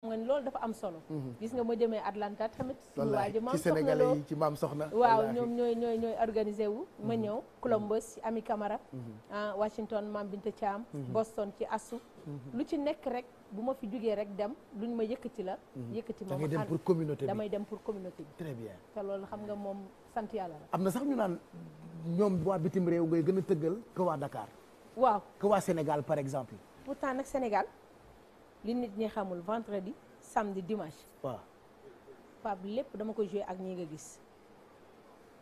nga loolu dafa am solo mhm. gis nga ma jëmee Atlanta tamit waaju maam sénégalais yi ci maam soxna waaw ñoom ñooy ñooy ñooy organisé wu ma mhm. ñëw Columbus ci Ami Camara mhm. ah, Washington maam Binta Thiam Boston ci asu lu ci nekk rek bu ma fi jógee rek dem luñ ma yëkkati la yëkkati moom damay dem pour communauté bi damay dem pour communauté bi très bien te loolu xam nga moom sant yàlla la am na sax ñu naan ñoom waa bitim réew ngay gën a tëggal que waa Dakar waaw que waa Sénégal par exemple pourtant nag Sénégal li nit ñi xamul vendredi samedi dimanche. waa Pape lépp dama ko joué ak ñii nga gis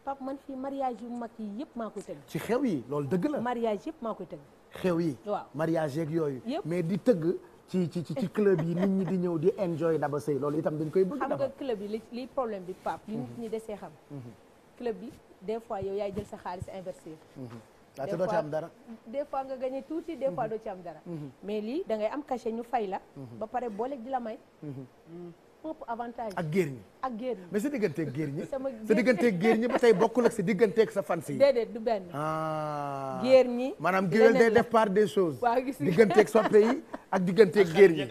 Pape man fii mariage yu mag yi yëpp maa ko tëgg. ci xew yi loolu dëgg la. mariage yëpp maa koy tëgg. xew yi waaw mariage yooyu yooyu. mais di tëgg. ci ci ci club yi nit ñi di ñëw di enjoy Daba Seye loolu itam dañ koy bëgg xam nga club yi li problème bi Pape. li nit mhm. ñi desee xam. Mhm. club bi des fois yow yaay jël sa xaalis investir. Mhm. Ah, te doo am dara des fois nga gagné tuuti des fois doo ci am dara mhm. mais lii dangay am cachet ñu fay la mhm. ba pare booleeg di la may ëpp mhm. avantage ak géer ñi ak géer ñi mais sa digganteeg géer ñi sa digganteeg géer ñi ba tey bokkul ak sa digganteeg sa fans yi déedéet du benn ah géer ñi maanaam géwél day def part des choses waaw gis nga digganteeg soppe yi ak digganteeg géer ñi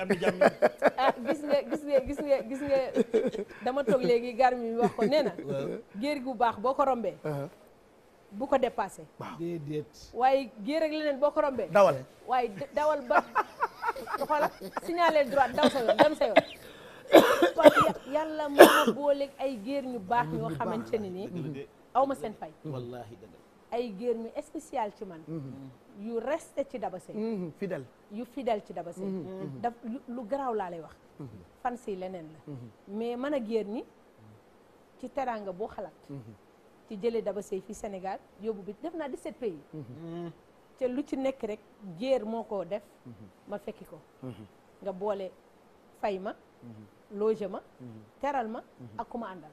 ah gis nga gis nga gis nga gis nga dama toog léegi gar mi wax ko nee na géer gu baax boo ko rombee uh-huh. bu ko dépassé. waaw waaye géer ak leneen boo ko rombee. dawal waaye dawal ba xoolal signaler droite daw yoon dem yoon. yàlla moo booleeg ay géer ñu baax ñoo xamante ne ni. aw ma seen fay. Mm-hmm. wallaahi ay géer ñu spécial ci man. Mm-hmm. yu resté ci Daba Seye. Mm-hmm. yu fidèle ci Daba Seye. daf lu garaaw laa lay wax. fan si leneen la. mais mën a géer ni ci teraanga boo xalaat. ci jëlee Daba Seye fii Sénégal yóbbu bi def naa 17 pays. Mm-hmm. te lu ci nekk rek jéer moo ko def. Mm-hmm. ma fekki ko. Mm-hmm. nga boole fay ma. loge ma. teral ma ak ku ma àndal.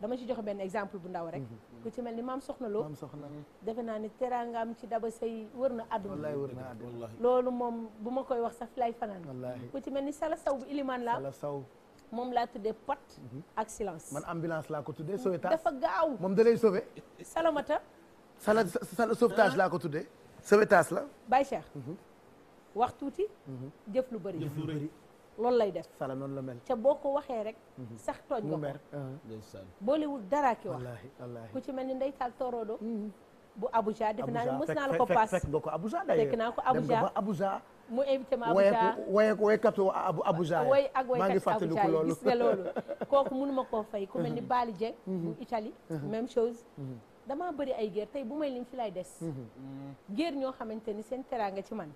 dama ci joxe benn exemple bu ndaw rek. ku ci mel ni maam Soxna Lo. maam Soxna defe naa ni teraangaam ci Daba Seye wër na àdduna. wallaahi wër na loolu moom bu ma koy wax sax fi lay fanaan. ku ci mel ni Sala saw bu Iliman la Sala Sow. moom laa tuddee pot mhm. ak silence man ambulance laa ko tuddee sauvetage mm, dafa gaaw moom da lay sauver salamata sala sauvetage laa ko tuddee sauvetage la Baye Cheikh mhm. wax tuuti mhm. jëf lu bëri jëf lu lay def sala noonu la mel ca boo ko waxee rek sax tooñ nga ko uh-huh. boolewul dara ki wax ku ci mel ni ndeytaal tooroodo bu Abuja def naa mës naa la ko paas fekk nga ko Abuja d'ailleurs fekk naa ko Abuja dem ba Abuja mu invité ma Abuja woye woyekatu Abuja woy ak woykat Abuja maa ngi fàttaliku loolu gis nga loolu kooku mënu ma koo fay ku mel ni mhm. Bali Dieng bu mhm. Italie mhm. même chose damaa bëri ay guerre tey bu may lim fi lay des guerre ñoo xamante ni seen nga ci man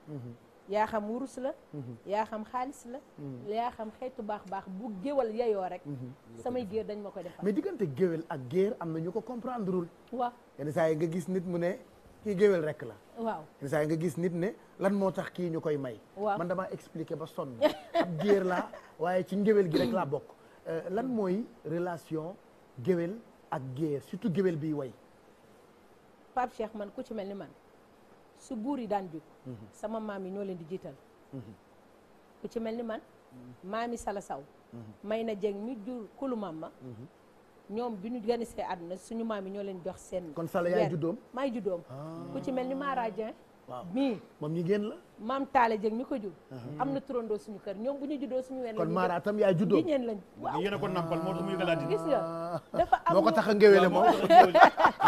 yaa xam wurus la mhm. yaa xam xaalis la mhm. yaa xam xeetu baax baax bu géwal yayoo rek mhm. samay géer dañ ma ko defal mais diggante géwél ak géer am na ñu ko comprendreul waaw yenn saa yi nga gis nit mu ne kii géwél rek la waaw yenn saa yi nga gis nit ne lan moo tax kii ñu koy may waaw man damaa expliquer ba sonn ab géer laa waaye ci ngéwél gi rek laa bokk mm. euh, lan mooy relation géwél ak géer surtout géwél bi way Pape Cheikh man ku ci mel ni man su buur yi daan jóg sama maam yi ñoo leen di jiital ku ci mel ni man maami sala saw may na jëng mi jur kulu ma ñoom bi ñu ganisee àdduna suñu maam yi ñoo leen jox seen kon sala yaay juddoom maay juddoom ah. ku ci mel ni Mara Dieng mii moom ñu génn la maam Taale Jëng mi ko jur uh-huh. am na turandoo suñu kër ñoom bu ñu juddoo suñu wenn kon Mara tam yaay juddoo ñeen lañ waaw yéen moo tax muy galaati gis nga dafa ko tax a ngéwéle moom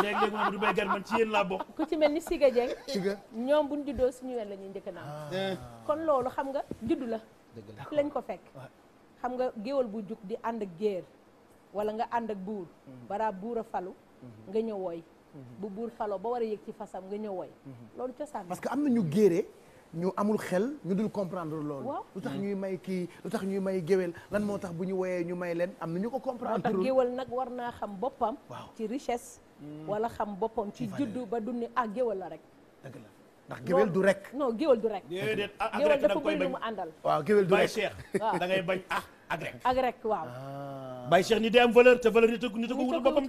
léeg ci yéen laa bokk ku ci mel ni Siga Jëng ñoom bu ñu suñu wenn la ñuy njëkk naan ah. kon loolu xam nga juddu la fi lañ ko fekk xam nga géwal bu jug di ànd ak géer wala nga ànd ak buur mm-hmm. bara buur a falu mm-hmm. nga ñëw wooy bu buur falo ba war a yëg ci fasam nga ñëw woy mhm. loolu cosaan parce que am na ñu géere ñu amul xel ñu dul comprendre loolu lu tax ñuy may kii lu tax ñuy may géwél lan moo tax bu ñu woyee ñu may leen am na ñu ko comprendre tax géwél nag war naa xam boppam ci richesse mhm. wala xam boppam ci juddu ba du ni ah géwél la rek ndax géwél du rek non géwél du rek ah, ah, géwél dafa bëri lu mu àndal waaw géwél du rek Baye Cheikh da ngay bañ ah ak ak rek waaw ah. Baye Cheikh ni day am valeur te valeur ni tëgg ni tëgg wutal boppam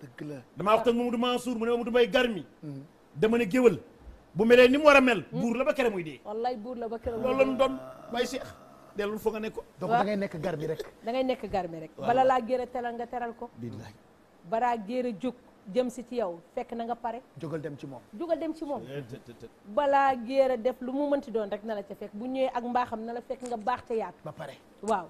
de dëgg la damaa waxtaan Mamadou Mansour mu ne Mamadou Mbaye Garmi hmm. dama ne géwal bu melee ni mu war a mel hmm. buur la ba kere muy dee wallaay buur la ba kere loolu la ñu doon Baye Cheikh foo nga nekk ko donc da ngay nekk garmi rek da ngay nekk garmi rek bala laa géer a teral nga teral ko billaay baraa géer a jóg jëm si ci yow fekk na nga pare jógal dem ci moom jógal dem ci moom eh, balaa géer a def lu mu mënti doon rek na la ca fekk bu ñëwee ak mbaaxam na la fekk nga baax te yaatu ba pare waaw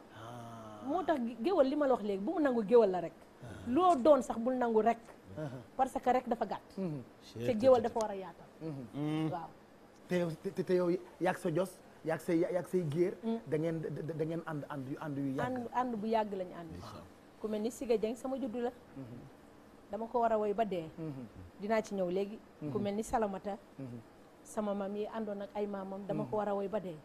moo tax géwal li ma la wax léegi bu mu nangu géwal la rek ah. loo doon sax bul nangu rek ah. parce que rek dafa gàtt mm-hmm. te géwal dafa war a yaatal mm-hmm. waaw te te yow yàgg sa jos yàgg say yàgg say géer mm. da ngeen da ànd ànd yu ànd yu yàgg ànd bu yàgg lañu ànd ku mel ni Siga Dieng sama juddu la mm-hmm. dama ko war a woy ba dee dinaa ci ñëw léegi ku mel ni Salamata sama mam yi àndoon ak ay maam maamam dama ko war a woy ba dee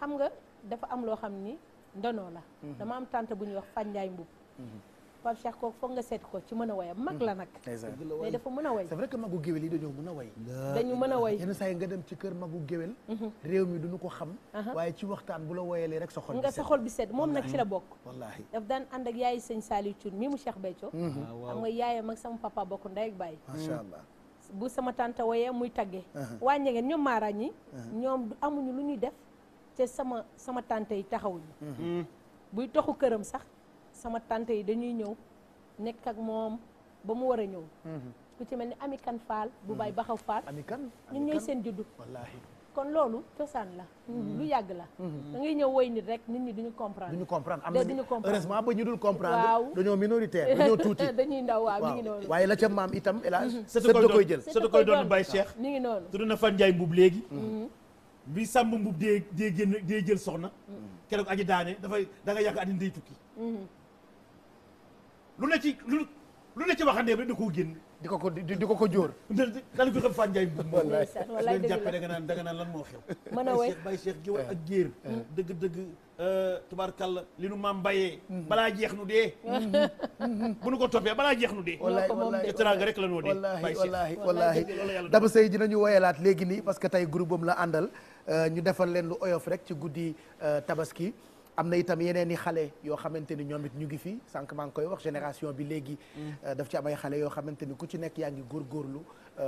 xam nga dafa am loo xam ni ndono la mhm. dama am tante bu ñuy wax Fatou Ndiaye Mboup mhm. Pape Cheikh foog nga seet ko ci mën a woy mag la nag mais dafa mën a woy c'est vrai que magu géwél yi dañoo mën a woy dañu mën a woy yenn saa yi nga dem ci kër magu géwél mhm. réew mi duñu ko xam waaye ci waxtaan bu la woyalee rek sa xol nga sa bi seet moom nag ci la bokk wallaahi daf daan ànd ak yaayi sëñ Saliou Thioune mi mu Cheikh Béthio ah, xam nga yaayam ak sama papa bokk ndey ak baay macha allah bu sama tante woyee muy tàggee waa ñegeen ñoom maarañ ñi ñoom amuñu lu ñuy def te sama sama tante yi taxawuñu mm-hmm. buy toxu këram sax sama tante yi dañuy ñëw nekk ak moom ba mu war a ñëw mm-hmm. ku ci mel ni Ami Kan Fall bu baay mm-hmm. Baxaw Fall Ami Kan ñun ñooy seen juddu wallaahi kon loolu cosaan la lu yàgg la da ngay ñëw woy nit rek nit ñi duñu comprendre duñu comprendre am na heureusement ba ñu dul comprendre dañoo minoritaire dañoo tuuti dañuy ndaw waaw mi ngi noonu waaye la ca maam itam hélas sët da koy doon Baye Cheikh mi ngi noonu tudd na Fan Ndiaye Mbuub léegi bi sàmb mbub dee dee génn dee jël soxna. keroog aji daane dafay da nga yàgg addina day tukki. lu ne ci lu lu ne ci waxande bi di ko ko di ko ko jóor. daal ko xam Fane Ndiaye moom da nga lan moo xew. mën a wey ak eh. Géer. Eh. dëgg dëgg euh, tubaarkàlla li nu maam bayee. Mm-hmm. balaa jeex nu dee. Mm-hmm. Mm-hmm. bu nu ko toppee balaa jeex nu dee. wallaay wallaay teraanga rek la noo dee. wallaay wallaay Daba Seye dinañu woyalaat léegi nii parce que tey groupe am la àndal. Euh, ñu defal leen lu oyof rek ci guddi euh, tabaski am na itam yeneen i xale yoo xamante ni ñoom it ñu ngi fi sànq maa ngi koy wax génération bi léegi mm. euh, daf ci am ay xale yoo xamante ni ku ci nekk yaa ngi góor góorlu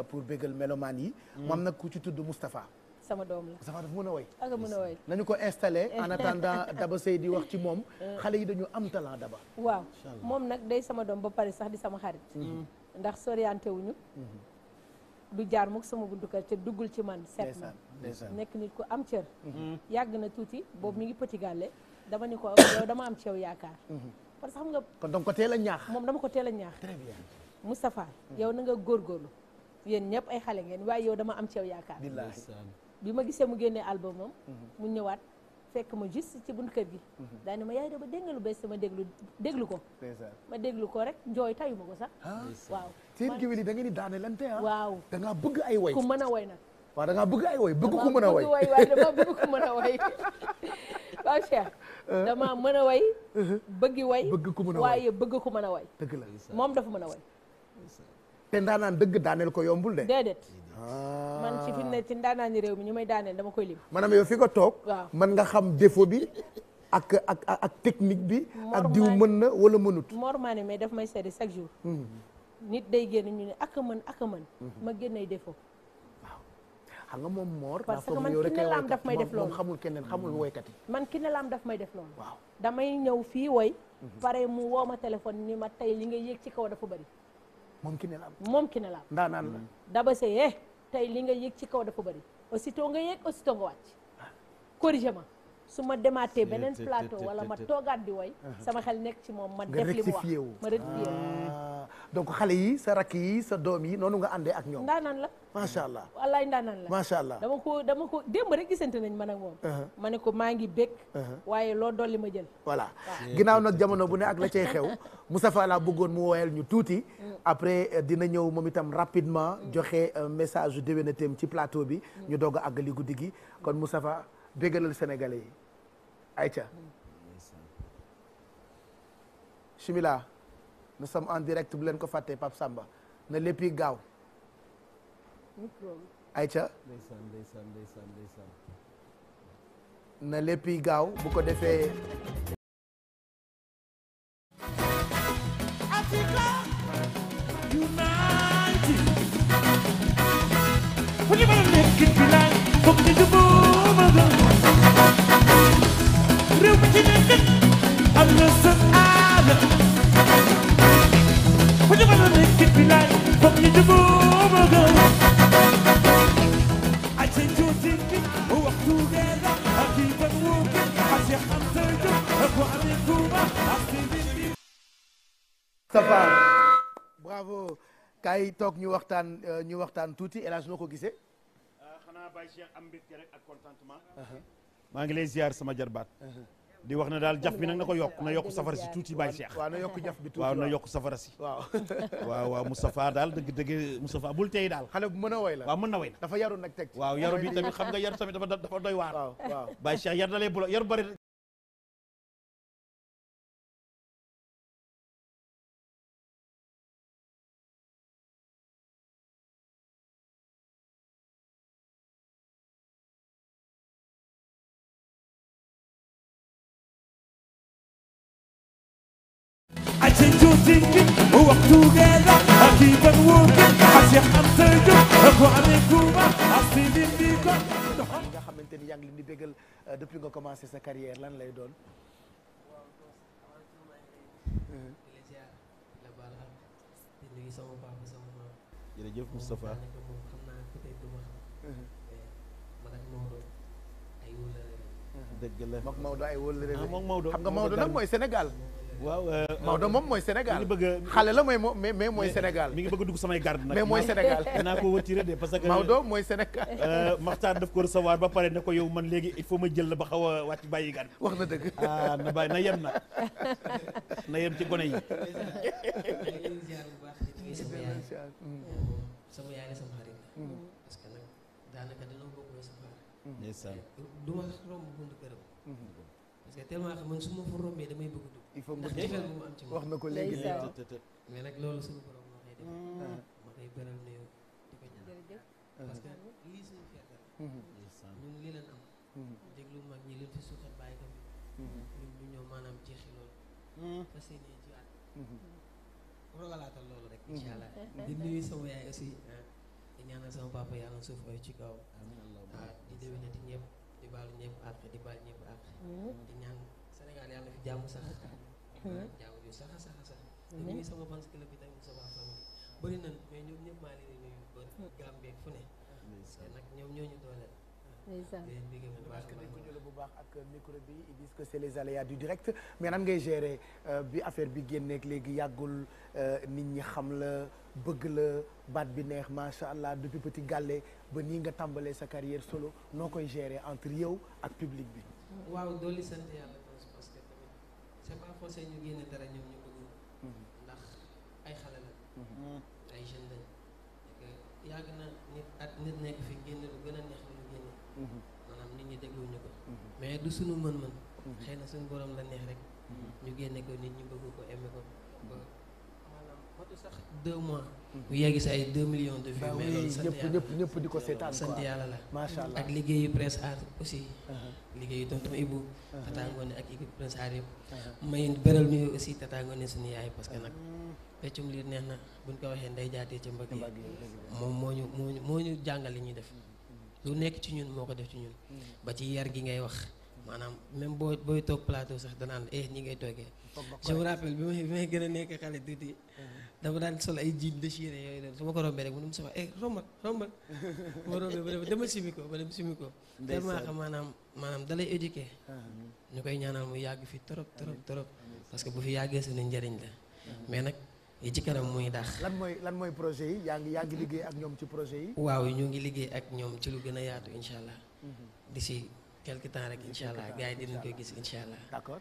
pour bégal melomaan yi moom nag ku ci tudd Moustapha sama doom la Moustapha dafa mën a woy ak woy nañu ko installé en attendant Daba Sey di wax ci moom xale yi dañu am talent Daba waaw moom nag day sama doom ba pare sax di sama xarit mm-hmm. Mm-hmm. ndax soriante wuñu mm-hmm. du jaar mukk sama buntu te duggul ci man seet na nekk nit ko am cër mhm. yàgg na tuuti boobu mi ngi petit dama ne ko yow dama am ci yaakaar mhm. parce que xam nga kon dama ko teel ñaax moom dama ko teel a ñaax très bien Moustapha mhm. yow na nga góorgóorlu yéen ñëpp ay xale ngeen waaye yow dama am ci yow yaakaar bi ma gisee mu génnee album moom mu ñëwaat fekk ma juste ci bunt kër gi daane ma yaay da ba dégg nga lu bees ma déglu déglu ko ma déglu ko rek njooy tayu ko sax ah. waaw seen géwél yi da ngeen di daane lante ah waaw da ngaa bëgg ay way ku mën a way nag waaw dangaa ngaa bëgg ay woy bëgg ku mën a woy bëgg ku mën a woy waaw Cheikh dama woy eh? eh? bëggi woy bëgg ku mën a woy waaye bëgg ku mën a woy dëgg la moom dafa mën a woy te ndaanaan dëgg daaneel ko yombul de déedéet ah. man ci fi ne ci ndaanaan réew mi ñu may daaneel dama koy lim maanaam yow fi nga toog mën nga xam défaut bi ak ak ak technique bi ak diw mën na wala mënut Mor Mané mais daf may seede chaque jour hmm. nit day génn ñu ne ak mën ak a mën hmm. ma génnay défaut xam nga moom moor. parce que mm-hmm. man ki ne laam daf may def loolu moom xamul keneen xamul woykat yi. man ki ne laam daf def loolu. waaw damay ñëw fii woy. Mm-hmm. pare mu woo ma téléphone ni ma tey li nga yéeg ci kaw dafa bëri. moom ki ne laam moom ki ne laam. ndaanaan la mm-hmm. daba se eh tey li nga yéeg ci kaw dafa bëri aussitôt nga yéeg aussitôt nga wàcc ah. corrigé ma. su ma demaatee beneen plateau wala ma toogaat di woy sama xel nekk ci moom ma def li mu wax ma rectifié ah. donc xale yi sa rakk yi sa doom yi noonu nga àndee ak ñoom ndaanaan la macha allah wallaay ndaanaan la macha allah dama ko dama ko démb rek gisante nañ man ak moom ma ne ko maa ngi bég waaye loo dolli ma jël voilà ginnaaw nag jamono bu ne ak la cay xew Moustapha laa bëggoon mu woyal ñu tuuti mm. après euh, dina ñëw moom itam rapidement mm. joxe euh, message déwénateem ci plateau bi mm. ñu doog a àggali guddi gi kon Moustapha bégalal sénégalais yi ca Chimila nous sommes en direct bu leen ko fàttee Pape Samba na lépp yi gaaw Aïcha na lépp gaaw bu ko defee Africa United foog ñu bravo kaay toog ñu waxtaan euh, ñu waxtaan tuuti El Hadj ko gisee naa Baye Cheikh am mbégte rek ak contentement. Uh-huh. maa ngi lay ziar sama jarbaat. Uh-huh. di wax na daal jaf bi nag na ko yokk na yokk safara si tuuti Baye Cheikh. waaw na yokk jaf bi tuuti waaw daal dëgg dëgg Moustapha bul tey daal. xale bu mën a dafa yaru nag teg waaw yaru bi tamit xam nga yaru tamit dafa doy waar. waaw waaw yar dalee bu yar bari. thinking, work together, I keep on working, as you have to do, go and improve, I still in the gun. nga xamante ni yaa ngi leen di bégal euh, depuis nga commencé sa carrière lan lay doon. jërëjëf Moustapha. Mmh. dëgg la moom Maodo ay wóor ah, la xam nga Maodo nag mooy Sénégal. waaw euh, euh, Maodo moom mooy Sénégal xale la mooy mais mais mooy Sénégal. mi ngi bëgg dugg samay garde nag mais mooy Sénégal. naa ko wëccëre de parce que Maodo mooy Sénégal. Euh, Maxtaar daf ko recevoir ba pare ne ko yow man léegi il faut jël la ba xaw a wàcc bàyyi garde. wax na dëgg ah na bàyyi na na na yem ci gone la sama xarit la. parce que nag daanaka dañoo bokk na rombee damay bëgg il faut nga wax na ko léegi léegi mais nag loolu suñu borom moo koy def ma koy beral néew di parce que lii suñu fierté ñun lii ñu ñëw maanaam jeexi loolu fas yéene ci at rogalaatal loolu rek incha allah di nuyu sama yaay aussi di ñaanal sama papa yàlla suuf ay ci kaw di déwénati ñëpp di baalu ñëpp àq di baal ñëpp àq Sénégal yàlla fi jàmm sax sax sax sax dañuy sama fans club bi tamit sama famille bëri maa leen di nuyu ba Gambie fu ne nag ñoom ñooñu dooleel déedéet bu baax ak micro bi ils disent que c'est les aléas du direct mais nan ngay gérer bi affaire bi génneeg léegi yàggul nit ñi xam la bëgg la baat bi neex macha allah depuis petit gàlle ba nii nga tàmbalee sa carrière solo noo koy gérer entre yow ak public bi. c'est pas seen ñu génne dara ñoom ñu bëgg mhm. ndax ay xale la mhm. ay jeune lañ que yàgg na nit at nit nekk fi génne lu gën a neex lu ñu génne mhm. maanaam nit ñi dégluñu ko mais du suñu mën-mën xëy na suñu borom la neex rek ñu génne ko nit ñi bëgg ko aimé ko deux mois. mu yegg si ay deux millions de vues. mais loolu sant yàlla ñëpp ñëpp la. macha allah ak liggéeyu presse art aussi. Uh-huh. liggéeyu tonton Ibou. Uh-huh. Tata Ngoné ak équipe presse art yëpp. Uh-huh. may beral nuyu aussi Tata Ngoné suñu yaay parce que nag. peccum liir neex na buñ ko waxee nday jaatee ci mbëgg yi moom moo ñu moo ñu moo ñu jàngal li ñuy def. lu nekk ci ñun moo ko def ci ñun. ba ci yar gi ngay wax. maanaam même boo booy toog plateau sax danaan eh ñi ngay toogee. je me bi may gën a dama daan sol ay jiin de yéene yooyu noonu su ma ko rombee rek mu ne ma eh, rombee ba dama simi ko ba dem maanaam maanaam da lay éduquer ah. ñu koy ñaanal mu yàgg fi trop ah. trop trop parce que bu fi yàggee suñu njëriñ la ah. mais nag yi ci kanam muy dax lan mooy lan mooy projet yi yaa liggéey ak ñoom ci projet yi waaw ñu ngi liggéey ak ñoom ci lu gën a yaatu incha allah mhm. d'ici quelque temps rek incha allah gars yi dinañ koy gis incha allah d'accord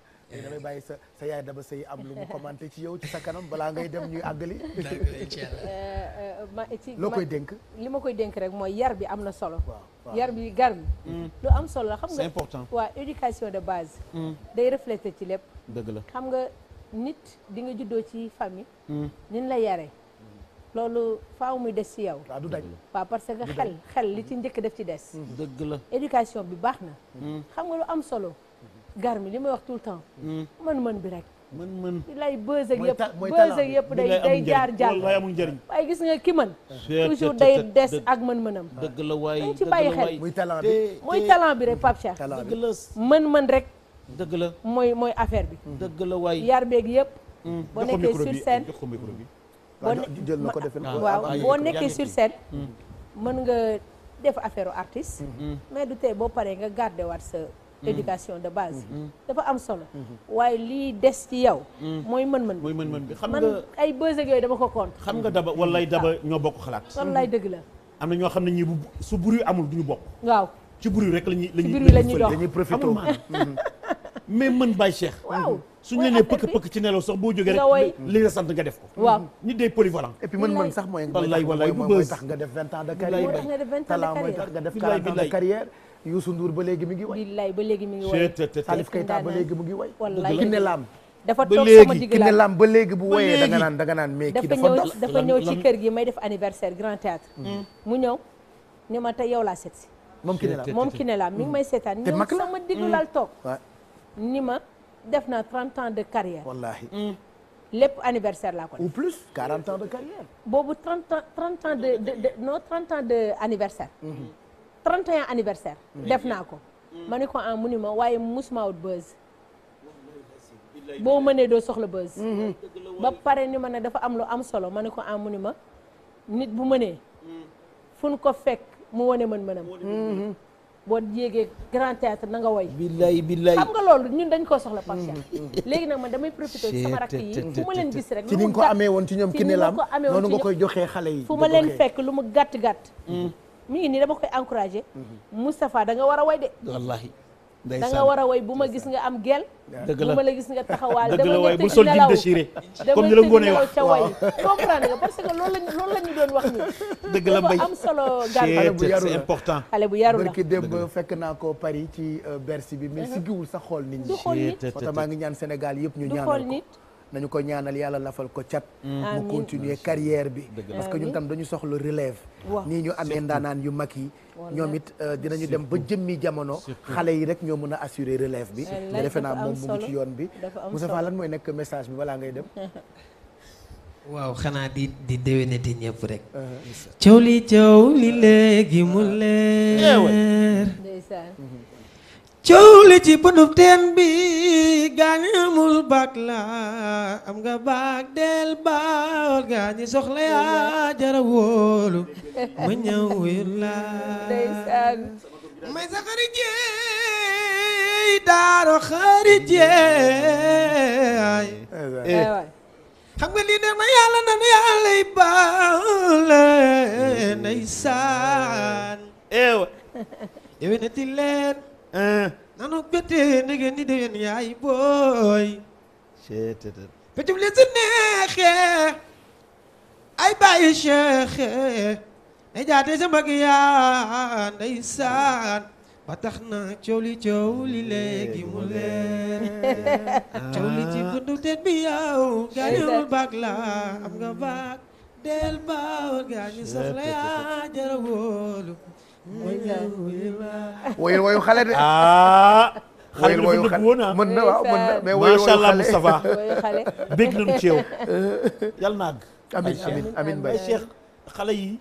bàyyi sa sa yaay daba sëy am lu mu commenté ci yow ci sa kanam balaa ngay dem ñuy àggali. Euh, euh, loo koy dénk. li ma koy dénk rek mooy yar bi am na solo. yar bi gar mm-hmm. lu am solo la xam nga important. waa éducation de base. Mm-hmm. day refléter ci lépp. dëgg la xam nga nit di nga juddoo ci famille. Mm-hmm. nin la yare loolu faaw muy des ci yow. waaw du daj parce que xel xel li ci njëkk def ci des. dëgg la éducation bi baax na. xam nga lu am solo. garmi li may wax tout le temps. Hmm. mën-mën bi rek. mën-mën lay bës ak yëpp bës ak yëpp day day jaar jàll. waaye gis nga ki mën. toujours day des ak mën-mënam. dëgg waay ci bi muy talent bi rek Pape Cheikh. dëgg la mën-mën rek. bi. Hmm. dëgg la waay yar beeg yëpp. Hmm. boo nekkee sur scène ah, jël na ko defe waaw ah, boo nekkee sur scène. mën nga def affaire artiste. mais du tey boo paree nga garder waat sa. Mm-hmm. éducation de base mm-hmm. Mm-hmm. dafa am solo waaye lii des ci yow mooy mën-mën mooy mën-mën bi xam nga ay bësëg yooyu dama ko compte xam nga daba wallaay daba ah. ñoo bokk xalaat wallaay dëgg la am na ñoo xam ne ñi bu su bruit amul duñu bokk waaw ci bruit rek lañuy lañuy lañuy mais mën Baye Cheikh waaw suñu la nee pëkk pëkk ci nelaw sax boo jógee rek li la sant nga def ko waaw nit day polyvalent et puis mën mën sax mooy wallaay wallaay mooy tax nga def vingt ans de carrière talent mooy tax nga def quarante ans de carrière Youssou Ndour ba léegi mi ngi way. ba léegi mi ngi way. Salif Keita ba léegi mu ngi way. wallaay Kiné dafa toog sama digg Kiné ba léegi bu woyee da nga naan da nga naan mais kii dafa dox dafa ñëw ci kër gi may def anniversaire grand théâtre mm. Mm. mu ñëw ne ma tey yow laa seet si moom Kiné Lam moom Kiné Lam mi ngi may mm. seetaan ñëw sama diggu laal toog ni ma def naa 30 ans de carrière wallahi lépp anniversaire laa ko def ou plus 40 ans de carrière boobu 30 ans 30 ans de non 30 ans de anniversaire mm-hmm. 31 anniversaire. Mm. def naa ko. Mm. ma ne ko ah mu ni ma waaye musuma wut buzz. boo mënee doo soxla buzz. Mm-hmm. ba pare ni ma ne dafa am lu am solo ma ne ko ah mu ni ma nit bu mënee. Mm. fu ko fekk mu wane mën-mënam. Mm-hmm. boo yéegee grand théâtre na nga woy billaay billaay xam nga loolu ñun dañ koo soxla parce que mm-hmm. léegi nag man damay profité sama rakk yi fu ma leen gis rek ci ni nga amee woon ci ñoom kinelaam noonu nga koy joxee xale yi fu fekk lu mu gàtt gàtt mi ngi nii dama koy encouragé. Mhm. Moustapha da nga war a way de. wallaahi. da war a way bu ma gis nga am gel dëgg la bu ma la gis nga taxawaal dama la way bu sol ji déchiré comme ni la ngoonee wax ca parce que loolu lañ la ñu dëgg la mbay am solo xale bu important xale bu yaru la barki démb fekk naa ko Paris ci euh, Bercy bi mais uh-huh. siggiwul sa xool nit ñi moo tax maa ngi ñaan Sénégal yëpp ñu ñaanal ko nañu ko ñaanal yàlla lafal ko cat mu continuer carrière bi parce que ñun tam dañu soxla relève nii ñu amee ndaanaan yu mag yi ñoom it euh, dinañu dem ba jëmmi jamono xale yi rek ñoo mën a assurer relève bi te defe naa moom mu ngi ci yoon bi Moussa Fall lan mooy nekk message bi balaa ngay dem waaw xanaa di di déwénati ñëpp rek uh-huh. coow li coow li léegi mu uh-huh. leer coow li ci bëtub teen bi gaañi amul baag la am nga baag del baawal gaañi soxla yaa jara wóolu ma ñëw wér la may sa xarit daaro xarit yeey xam nga lii neex na yàlla na yàlla yi baale ndeysaan eewa yewenati leen Eh. nanu bette ndege ni déwén yaay booy. seetetet. petum li si ay bàyyi cheikh ne jaatee sa mbagg yaa ndeysaan ba tax na coow li coow li léegi mu leer coow li ci buntu teen bi yow gaañul baag la am nga del baaw gaañu soxla yaa jara wóolu woyul woyu xale de. ah. xam woyu xale mën na waaw mën na mais woyul woyu xale macha allah Moustapha. bég nañu ci yow. yal na àgg. amiin amiin amiin Mbaye xale yi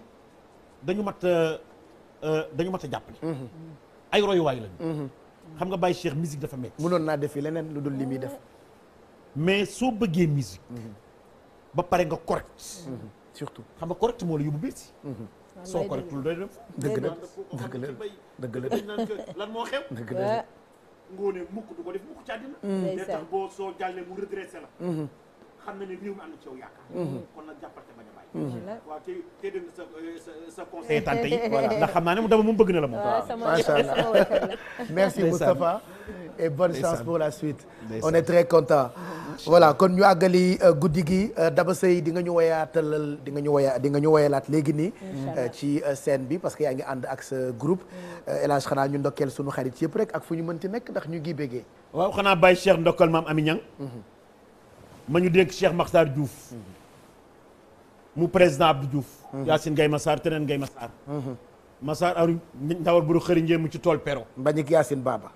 dañu mat euh, euh, dañu mat a jàppale. Mm-hmm. ay royuwaay lañu. Mm-hmm. xam nga Baye Cheikh musique dafa métti. munoon naa defi leneen lu dul li muy def. Mm-hmm. mais soo bëggee musique. ba pare nga correct. surtout xam nga correct moo la yóbbu biir si. soo ko rek lu doy dem dëgg la dëgg la la moo xew dëgg la ngoone mukk du ko def mukk ci mm. soo jàllee mu redressé la mm-hmm. xam na ne réew mi am na mm-hmm. a mm-hmm. euh, sa sa conseil tante naa ne mu dama moom bëgg na la moom waaw merci Moustapha et bonne chance pour la suite. on est très content. voilà kon ñu àggali euh, guddi gi euh, Daba Seye di nga ñu woyaatalal di nga ñu woya di nga ñu woyalaat léegi nii. Euh, ci seen bi parce que yaa ngi ànd ak sa groupe. El xanaa ñu ndokkeel sunu xarit yëpp rek ak fu ñu mënti nekk ndax ñu ngi bégee. waaw xanaa Baye Cheikh ndokkal maam Ami Niang mhm. ma ñu dénk Cheikh Makhtar Diouf. Mhm. mu président Abdou Diouf. Mhm. Yacine Gaye Massar teneen Gaye Massar. Massar aru ndawal buru xëriñ mu ci tool pero. Mbagnick Yacine Baba.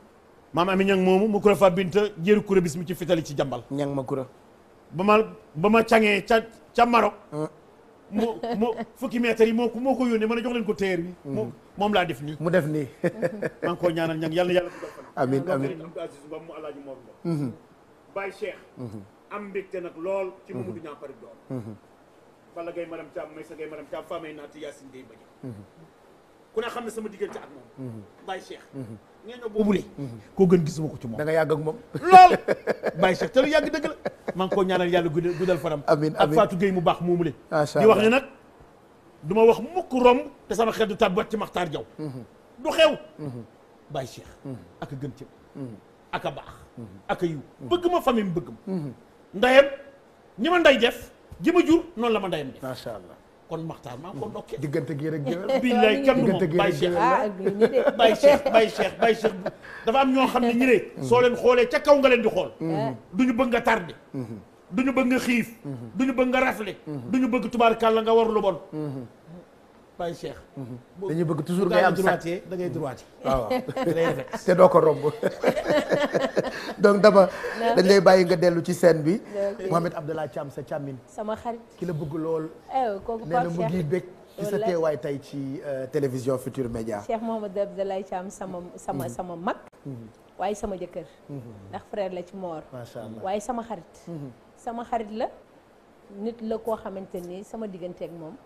maam ami ñang moomu mu kura fa binta jéeru kura bis mi ci fitali ci jambal ñang ma kura ba ma ba ma cangee ca ca Maroc ah. moo moo fukki mètres yi moo ko moo ko yónnee ma ne jox leen ko téer bi mm-hmm. moom laa def nii mu def nii maa ngi koo ñaanal ñang yàlla yàlla amiin amiin Abdou Aziz Ba mu alaaji moom la Baye Cheikh am mbégte nag lool ci Mamadou mm-hmm. Niampari dool mm-hmm. Balla Gaye madame Thiam Maysa Gaye madame Thiam Famay ku ne xam ne sama diggante ak moom Baye Cheikh ñeeñoo boobule. Mhm. koo gën gisuma ko ci moom. da nga yàgg ak moom. lool bàyyi Cheikh te lu yàgg dëgg la maa koo ñaanal yàlla guddal guddal fanam. amiin ak Fatou Gueye mu baax moomule. macha allah di wax ne nag du ma wax mukk romb te sama xel du tàbbat ci Makhtar jow mhm. du xew. Mhm. bàyyi Cheikh. ak gën ci ak a baax. ak yiw bëgg ma famille bëgg ma. ndayam ñi ma nday def ji ma jur noonu la ma ndayam def. macha allah. kon Makhtar maa ngi ko gi rek jël billaay kenn du moom Baye Cheikh ah, Baye Cheikh Baye Cheikh Baye Cheikh dafa am ñoo xam ne ñi ne soo leen xoolee ca kaw nga leen di xool mm-hmm. du ñu bëgg nga tardé mm-hmm. du ñu bëgg nga xiif mm-hmm. du ñu bëgg nga rafle du ñu bëgg tubaarkàlla nga war lu bon Baye Cheikh. Mhm. dañuy bëgg toujours ngay am sax da ngay droitier ah, waaw te doo ko romb donc dama dañ lay bàyyi nga dellu ci scène bi. Mohamed Abdallah Thiam sa càmmin. sama xarit ki la bëgg lool. Eh, kooku nee na mu ngi bëgg sa teewaay tey ci euh, télévision Futur Média. Cheikh Mohamed Abdallah Thiam sama sama mhm. sama mag. Mhm. waaye sama jëkkër. ndax frère la ci moor. macha allah waaye sama xarit. sama xarit la nit la koo xamante ni sama diggante ak moom.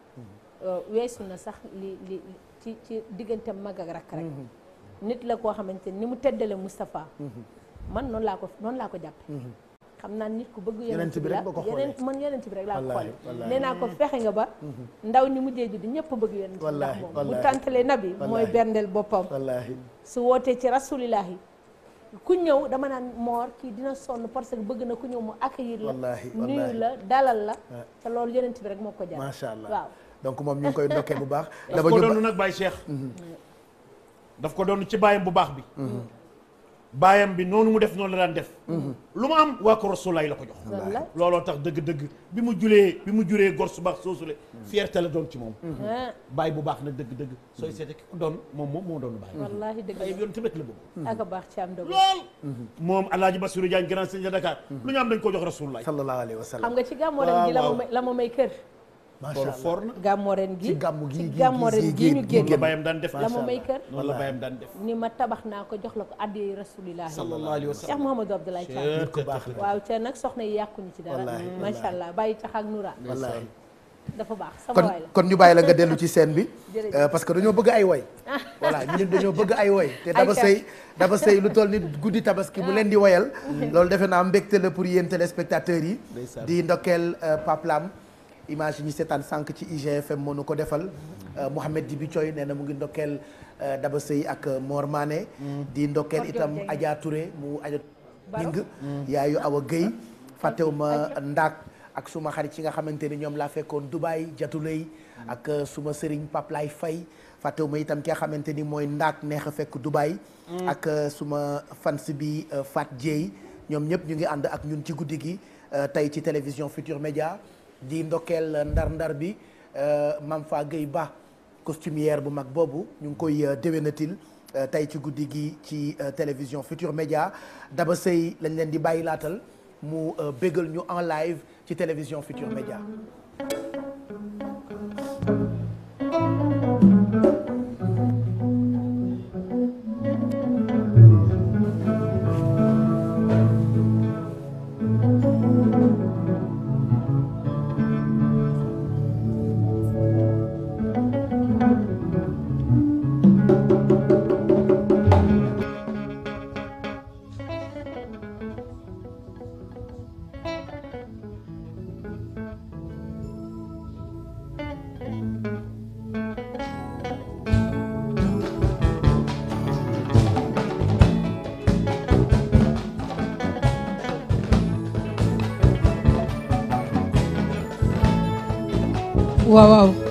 Euh, weesu na sax li li ci ci diggante mag ak rakk rek mhm. nit la koo xamante ni mu teddale Moustapha mhm. man noonu laa ko noonu laa ko jàppe mhm. xam naa nit ku bëgg yonent bi la yeneen man yonent bi rek laa ko xoole nee naa ko fexe nga ba ndaw ñi mujjee judd ñëpp bëgg yonent bi ndax moom bu tàntalee nabi mooy berndeel boppam su wootee ci rasulillahi ku ñëw dama naan moor kii dina sonn parce que bëgg na ku ñëw mu accueillir la nuyu la dalal la ah. te loolu yonent bi rek moo ko jàpp waaw donc moom ñu koy ndokkee bu baax. dafa ko doon nag baay Cheikh. Mm-hmm. Mm-hmm. daf ko doon ci baayam bu baax bi. Mm-hmm. baayam bi noonu mu def noonu la daan def. lu mu am waa ko Rasulaay la ko jox. looloo tax dëgg-dëgg bi mu julee bi mu juree gors su baax soosule fierté la doon ci moom. Ah. baay bu baax nag dëgg-dëgg. sooy seete ki ko doon moom moom moo doon baay. wallaahi dëgg la yoon tamit la bëgg. ak baax ci am dëgg lool. moom El Hadj Bassirou grand seigneur de lu ñu am dañ ko jox Rasulaay. sallallahu alayhi wa sallam xam nga ci gàmmu ren la ma may kër. macha allah loolu for ren gi ci gàmmu gi ci gàmmu ren gi ñu génn la daan def la ma may kër daan def ni ma tabax naa ko jox la ko addiyee rasulillah sallallahu alayhi wa sallam Cheikh Mouhamadou Abdoulaye ko baax waaw te nag soxna yi yàqu ñu ci dara mm, macha allah bàyyi tax ak nura wallaahi dafa baax sama waay la kon ñu bàyyi la nga dellu ci seen bi euh, parce que dañoo bëgg ay woy voilà ñu dañoo bëgg ay woy te daba sëy daba sëy lu toll ni guddi tabaski mu ah. leen di woyal loolu defe naa mbégte la pour yéen téléspectateurs yi di ndokkeel euh, Pape Lam image yi ñu seetaan sànq ci IGFM moo nu ko defal euh, Mouhamed Dibi Thioy nee na mu ngi ndokkeel euh, Daba sëy ak euh, Mor Mané mm. di ndokkeel itam Adja Touré mu Adja Ning mm. yaayu Awa Gueye fàttewuma ndaak ak suma xarit ci nga xamante ni ñoom laa fekkoon Dubaay Jatulay mm. ak suma sëriñ Pape Lay Faye fàttewuma itam ki nga xamante ni mooy ndaak neex a fekk Dubaay ak suma fans bi Fat Dieye ñoom ñëpp ñu ngi ànd ak ñun ci guddi gi tey ci télévision Futur Média di ndokkeel ndar-ndar bi euh, Mame Fa Gueye Ba costumière bu mag boobu ñu ngi koy euh, déwénatil euh, tey ci guddi gi ci télévision Futur Média Daba Sey lañ leen di bàyyi laatal mu bégal ñu en live ci télévision Futur Média. waaw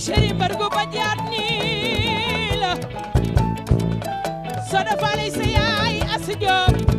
Chéri Mbargo ba jaar nii la Soda Faal sa yaay Asi Jóob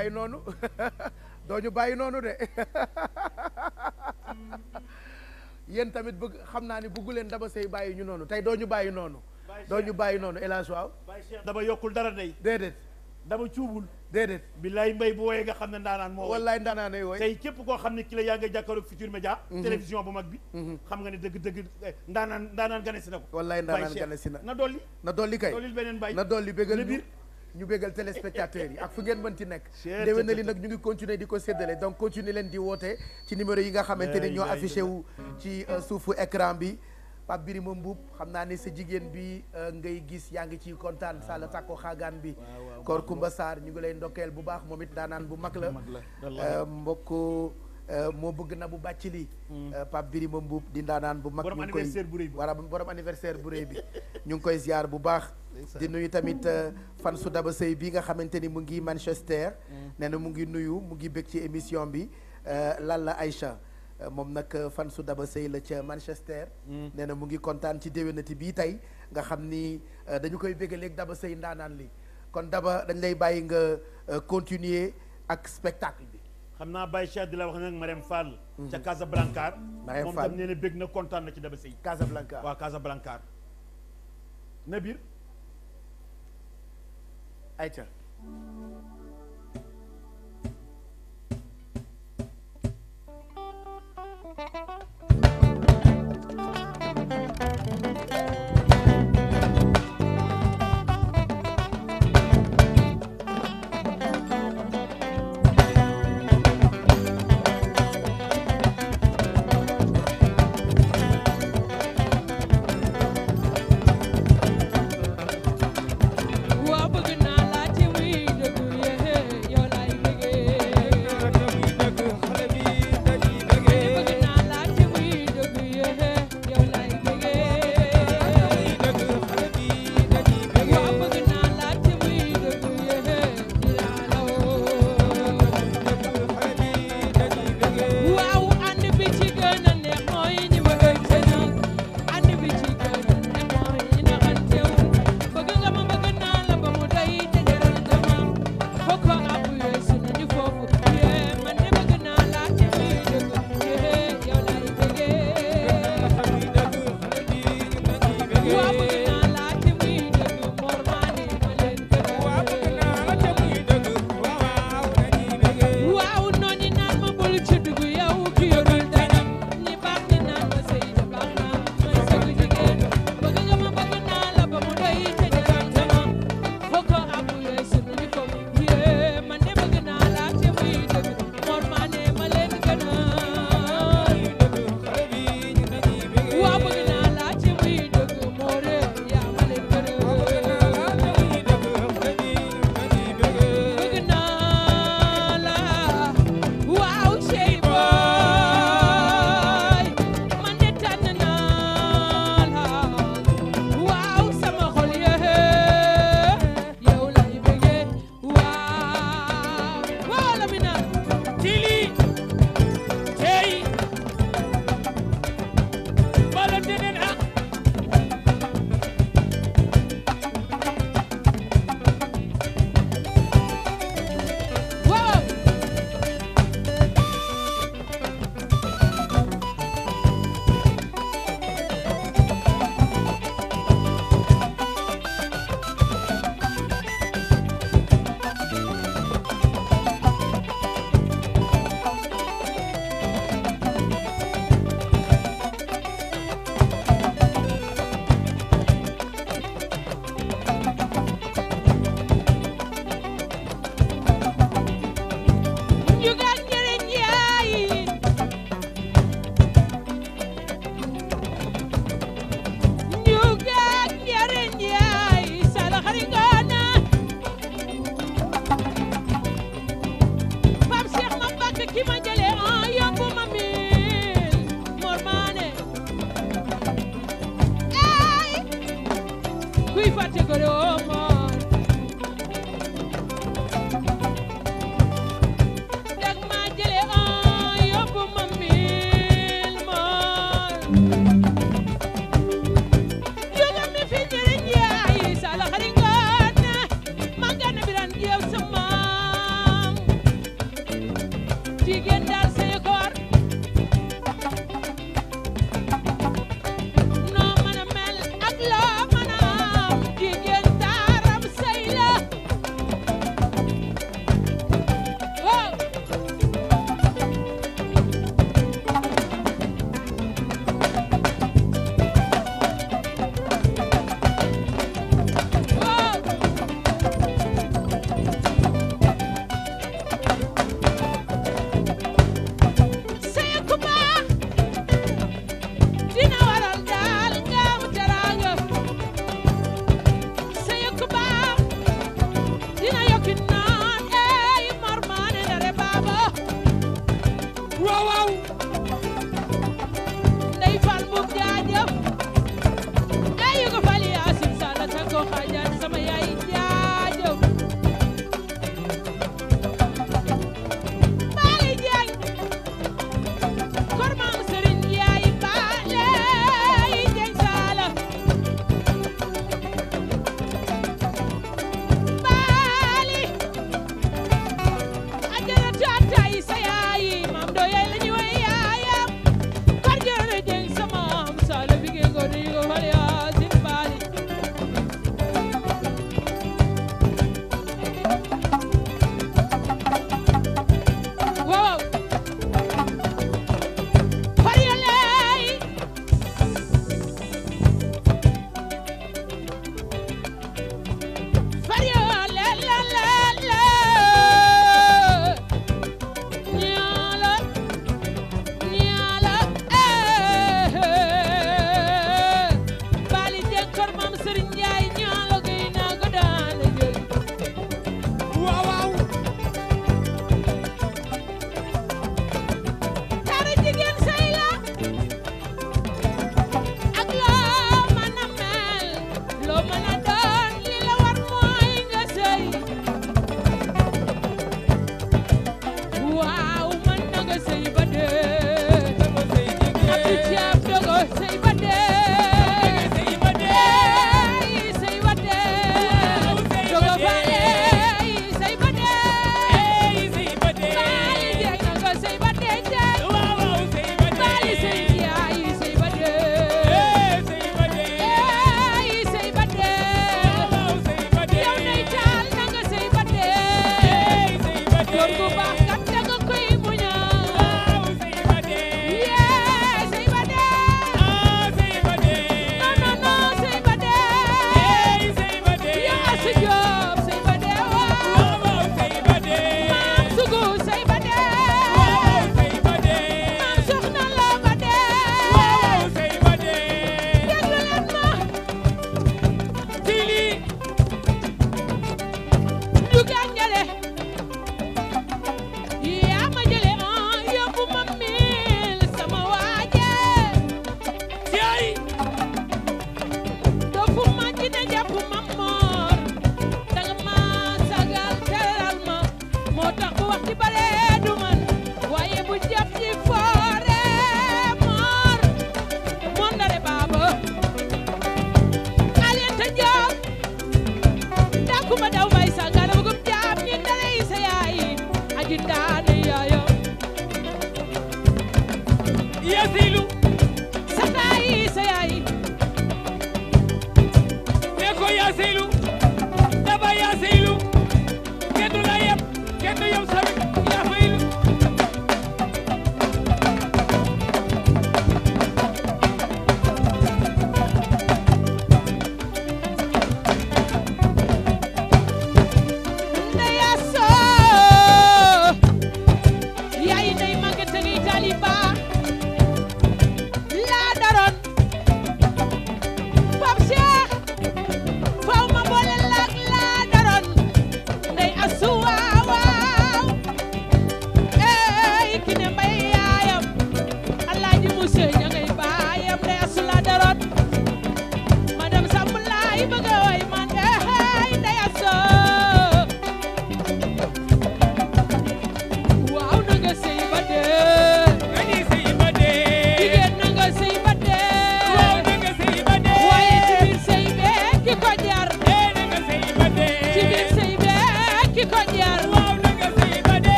bàyyi noonu doo ñu bàyyi noonu de yéen tamit bëgg xam naa ni bëggu leen daba sey bàyyi ñu noonu tey doo ñu bàyyi noonu. doo ñu bàyyi noonu hélas waaw. bàyyi dama yokkul dara day déedéet. dama cuubul. déedéet. billaay mbay bu wooyee nga xam ne ndaanaan moo. wallaay ndaanaan ay wooy tey képp koo xam ne ki la yaa nga jàkkaaroog Futurs Médias. Mhm. télévision bu mag bi. Mhm. xam nga ne dëgg dëgg eh, ndaanaan ndaanaan ganesi na ko. wallaay ndaanaan ganesi na na dolli. na dolli kay na dolli beneen bay na dolli bégal ñu ñu bégal téléspectateurs yi ak fu ngeen mënti nekk déwéna li nag ñu ngi continuer di ko séddale donc continuer leen di woote ci numéro yi nga xamante ne ñoo affiché wu ci euh, suufu écran bi Pape Birima Mbuub xam naa ni sa jigéen bi euh, ngay gis yaa ngi ci kontaan ah, sala tàkko xaagaan bi koor Kumba Sarr ñu ngi lay ndokkeel bu baax moom it daanaan bu mag la euh, mbokk Euh, moo bëgg na bu bàcc lii hmm. euh, Pape Birima Mbuub di ndaanaan bu mag ñu ngi koy wara borom anniversaire bu réy bi ñu ngi koy ziar bu baax di nuyu tamit euh, fan su daba sëy bi nga xamante ni mu ngi Manchester hmm. nee na mu ngi nuyu mu ngi bëgg ci émission bi lan la Aïcha moom nag fan su daba sëy la ca Manchester hmm. nee na mu ngi kontaan ci déwénati bii tey nga xam ni dañu koy bégaleeg daba sëy ndaanaan li kon daba dañ lay bàyyi nga continuer ak spectacle xam naa Baye Cheikh di la wax nag Marème Fall. Mhm. ca moom tam nee na bég na kontaan na ci Daba Seye. Casablanca waaw Casablanca. Nabir. Aïcha.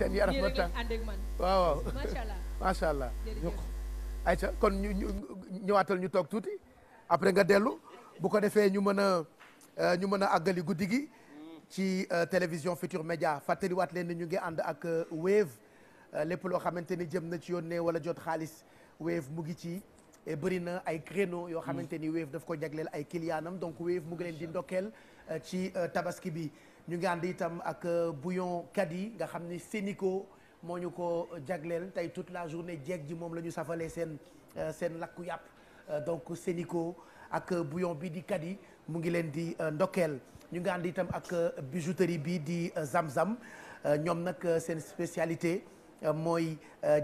seen yaram ba tàng waaw waaw macha allah ñu ayca kon ñu ñëwaatal ñu toog tuuti après nga dellu bu ko defee ñu mën a euh, ñu mën a àggali guddi gi ci euh, télévision Futur Média fàttaliwaat leen ni ñu ngi ànd ak euh, Wave lépp loo xamante ni jëm na ci yoon yónnee wala jot xaalis Wave mu ngi ci et bëri na ay créneaux yoo xamante ni Wave daf ko jagleel ay kiliyaanam donc Wave mu ngi leen di ndokkeel ci tabaski bi ñu ngi ànd itam ak euh, bouillon kat yi nga xam ni Sénico moo ñu ko jagleel tey toute la journée jeg ji moom la ñu safalee seen euh, seen lakku yàpp euh, donc Sénico ak bouillon bi di kat yi mu ngi leen di ndokkeel ñu ngi ànd itam ak bijouterie bi di samsam ñoom nag seen spécialité mooy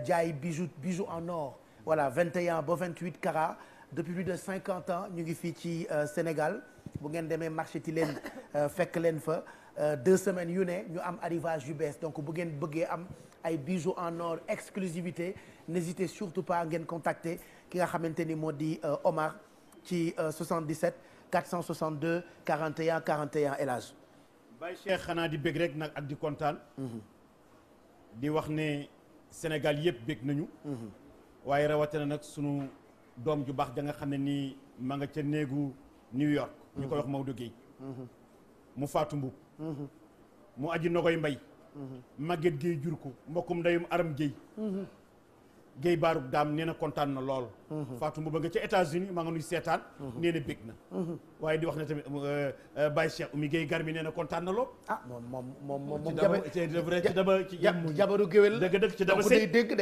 jaay bijou bijou en or voilà 21 ba 28 carats depuis plus de 50 ans ñu ngi fii ci Sénégal bu ngeen demee marché Tilène fekk leen fa Euh, deux semaines yu ne ñu am arrivage yu bees donc bu ngeen bëggee am ay bijoux en or exclusivité nésité surtout pas ngeen contacter ki nga xamante ni moo di euh, Omar ci 77 462 41 41 El Hadj. Baye Cheikh xanaa di bëgg rek nag ak di kontaan. Mhm. di wax ne Sénégal yëpp bég nañu. Mhm. waaye rawatina nag sunu doom ju baax da nga xam ne nii ma nga ca néegu New York. ñu koy mhm. wax Maodo Guèye. mu faatu Mbuub. mu aji na koy mbay màgget mm-hmm. géey jur ko mbokkum ndeyum aram géey mm-hmm. Guèye Barouk daam nee na kontaan na lool. Fatou Mbouba nga ca États-Unis maa nga nuy seetaan. Mhm. nee na bég na. waaye di wax na tamit euh, euh, Baye Cheikh Oumy Guèye Garmi nee na kontaan na lool. ah moom moom moom moom moom. ci daba ci daba ci jabaru géwél dëgg dëgg ci daba sëy day dégg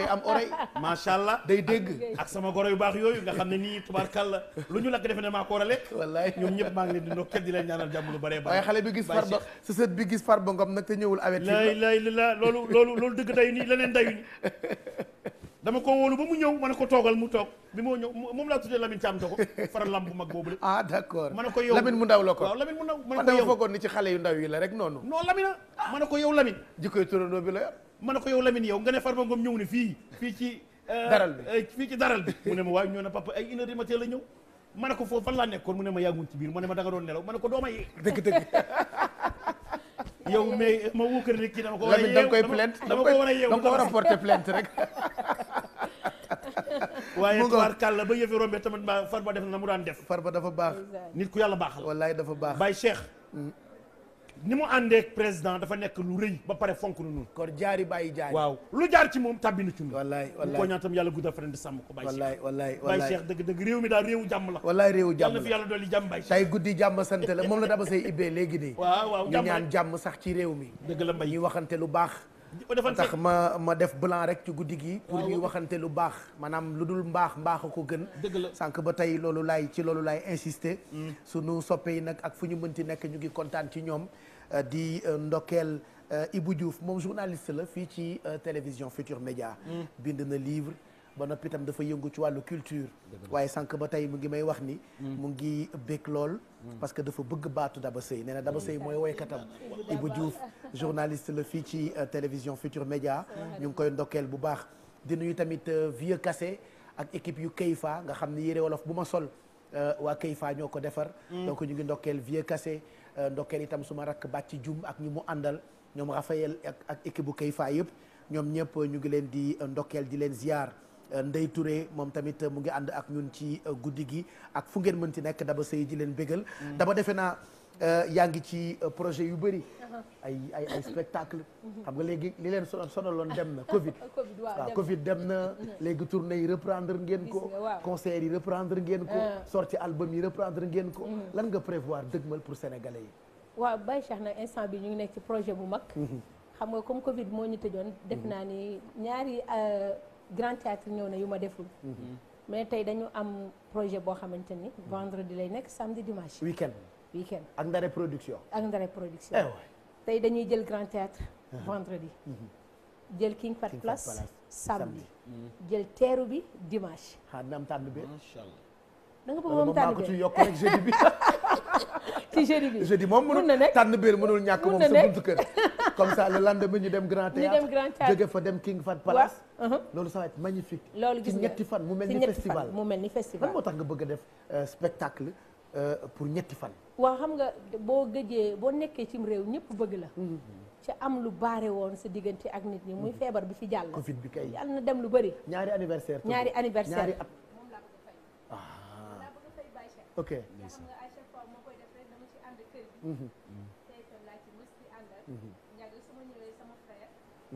day dégg. ak sama goro yu baax yooyu nga xam ne nii tubaarkàlla lu ñu lakk defe ne maa ko a wallaay ñoom ñëpp maa ngi leen di ndokkeel di leen ñaanal jàmm lu bëree baax. waaye gis farba sa sët bi gis farba lay lay la loolu loolu loolu dëgg dayu ni leneen dayu ni dama ko wóolu ba mu ñëw ma ne ko toogal mu toog bi moo ñëw moom laa tuddee Lamine Thiam Ndoko faral lam bu mag boobu la. ah d' accord ma ne ko yow Lamine mu ndaw la ko waaw Lamine mu ndaw. ma ne ko yow foogoon ni ci xale yu ndaw yi la rek noonu. non Lamine ah ma ne ko yow Lamine. jikkoy turandoo bi la yor. ma ne ko yow Lamine yow nga ne Farba Ngom ñëw ne fii fii ci. Euh, daral bi euh, fii ci daral bi. mu ne ma waaye ñëw na papa ay une heure du matin la ñëw. ma ne ko foofu fan laa nekkoon mu ne ma yàgguñ ci biir mu ne ma danga doon nelaw ma ne ko dooma yi dëgg dëgg yow mais ma wóor kër ne kii dama ko war a yeew dama ko war a yeew dama ko war a porter plainte rek waaye tuwaar kàlla ba yëfi rombe tamit ba Farba def na mu daan def Farba dafa baax nit ku yàlla baaxal wallaay dafa baax Baye Cheikh mm. ni mu àndee ak président dafa nekk lu rëy ba pare fonk nu nun kon jaari bàyyi jaari waaw lu jaar ci moom tàbbi na ci nun wallaay wallaay ko ñaatam yàlla guddal fan di sàmm ko Baye Cheikh wallaay wallaay wallaay Baye Cheikh dëgg dëgg réew mi daal réewu jàmm la wallaay réewu jàmm la yàlla fi yàlla dolli jàmm Baye Cheikh tey guddi jàmm sant la moom la daba say ibbee léegi nii waaw waaw ñu ñaan jàmm sax ci réew mi dëgg la Baye ñu waxante lu baax tax ma ma def blanc rek ci guddi gi pour ñuy waxante lu baax maanaam lu dul mbaax mbaax a ko gën sànq ba tey loolu laay ci loolu laay su mm. sunu soppee yi nag ak fu ñu mënti nekk ñu ngi kontaan ci ñoom euh, di euh, ndokkeel euh, Ibou Diouf moom journaliste la fii ci télévision Futur Média mm. bind na livre ba noppi itam dafa yëngu ci wàllu culture waaye sànq ba tey mu ngi may wax ni mm. mu ngi bëgg lool mm. parce que dafa bëgg baatu Daba Seye nee na Daba Seye mooy woykatam mm. Ibou Diouf journaliste la fii ci euh, télévision future Média ñu ngi koy ndokkeel bu baax di nuyu tamit euh, Vieux kase ak équipe yu Kayfa nga xam ni yére wolof bu ma sol euh, waa Kayfa ñoo ko defar donc ñu ngi ndokkeel Vieux Kassé ndokkeel itam su ma rakk ci jum ak ñi mu àndal ñoom Raphaël ak ak équipe bu Kayfa yëpp ñoom ñëpp ñu ngi leen di ndokkeel di leen ziar Euh, Ndeye Touré moom tamit euh, mu ngi ànd ak ñun ci euh, guddi gi ak fu ngeen mënti nekk daba sëy ji leen bégal mm. daba defe naa yaa ngi ci projet yu bëri uh-huh. ay ay ay spectacle mm-hmm. xam nga léegi li leen sonal loon dem na covid waaw covid dem na léegi tournée yi reprendre ngeen ko concert yi reprendre ngeen ko uh-huh. sortie album yi reprendre ngeen ko mm-hmm. lan nga prévoir dëgmal pour sénégalais yi waaw Baye Cheikh nag instant bi ñu ngi nekk ci projet bu mag mm-hmm. xam nga comme covid moo ñu tëjoon def naa grand théâtre ñëw na yu ma deful mhm. mais tey dañu am projet boo xamante ni mhm. vendredi lay nekk samedi dimanche weekend weekend ak ndare production ak ndare production eh tey dañuy jël grand théâtre uh-huh. vendredi mhm. jël King Fahd Palace samedi jël teeru bi dimanche xaa dina am tànn bi da nga bëgg moom tànn ko ci yokk rek jeudi bi ci jeudi bi jeudi moom tànn biir mënul ñàkk moom sa buntu kër comme ça le lendemain ñu dem grand théâtre jóge fa dem King Fat Palace uh-huh. loolu ça va être magnifique loolu gis nga ci ñetti fan mu mel ni festival mu mel ni festival lan moo tax nga bëgg a def euh, spectacle euh, pour ñetti fan waaw xam nga boo gëjee boo nekkee cim réew ñëpp bëgg la mm-hmm. ci am lu baare woon sa diggante ak nit ñi muy mm-hmm. feebar bi fi jàll covid bi kay yàlla na dem lu bëri ñaari anniversaire ñaari anniversaire ñaari at ok xam nga à rek dama ci ànd kër gi. Mhm. Mhm. Mhm.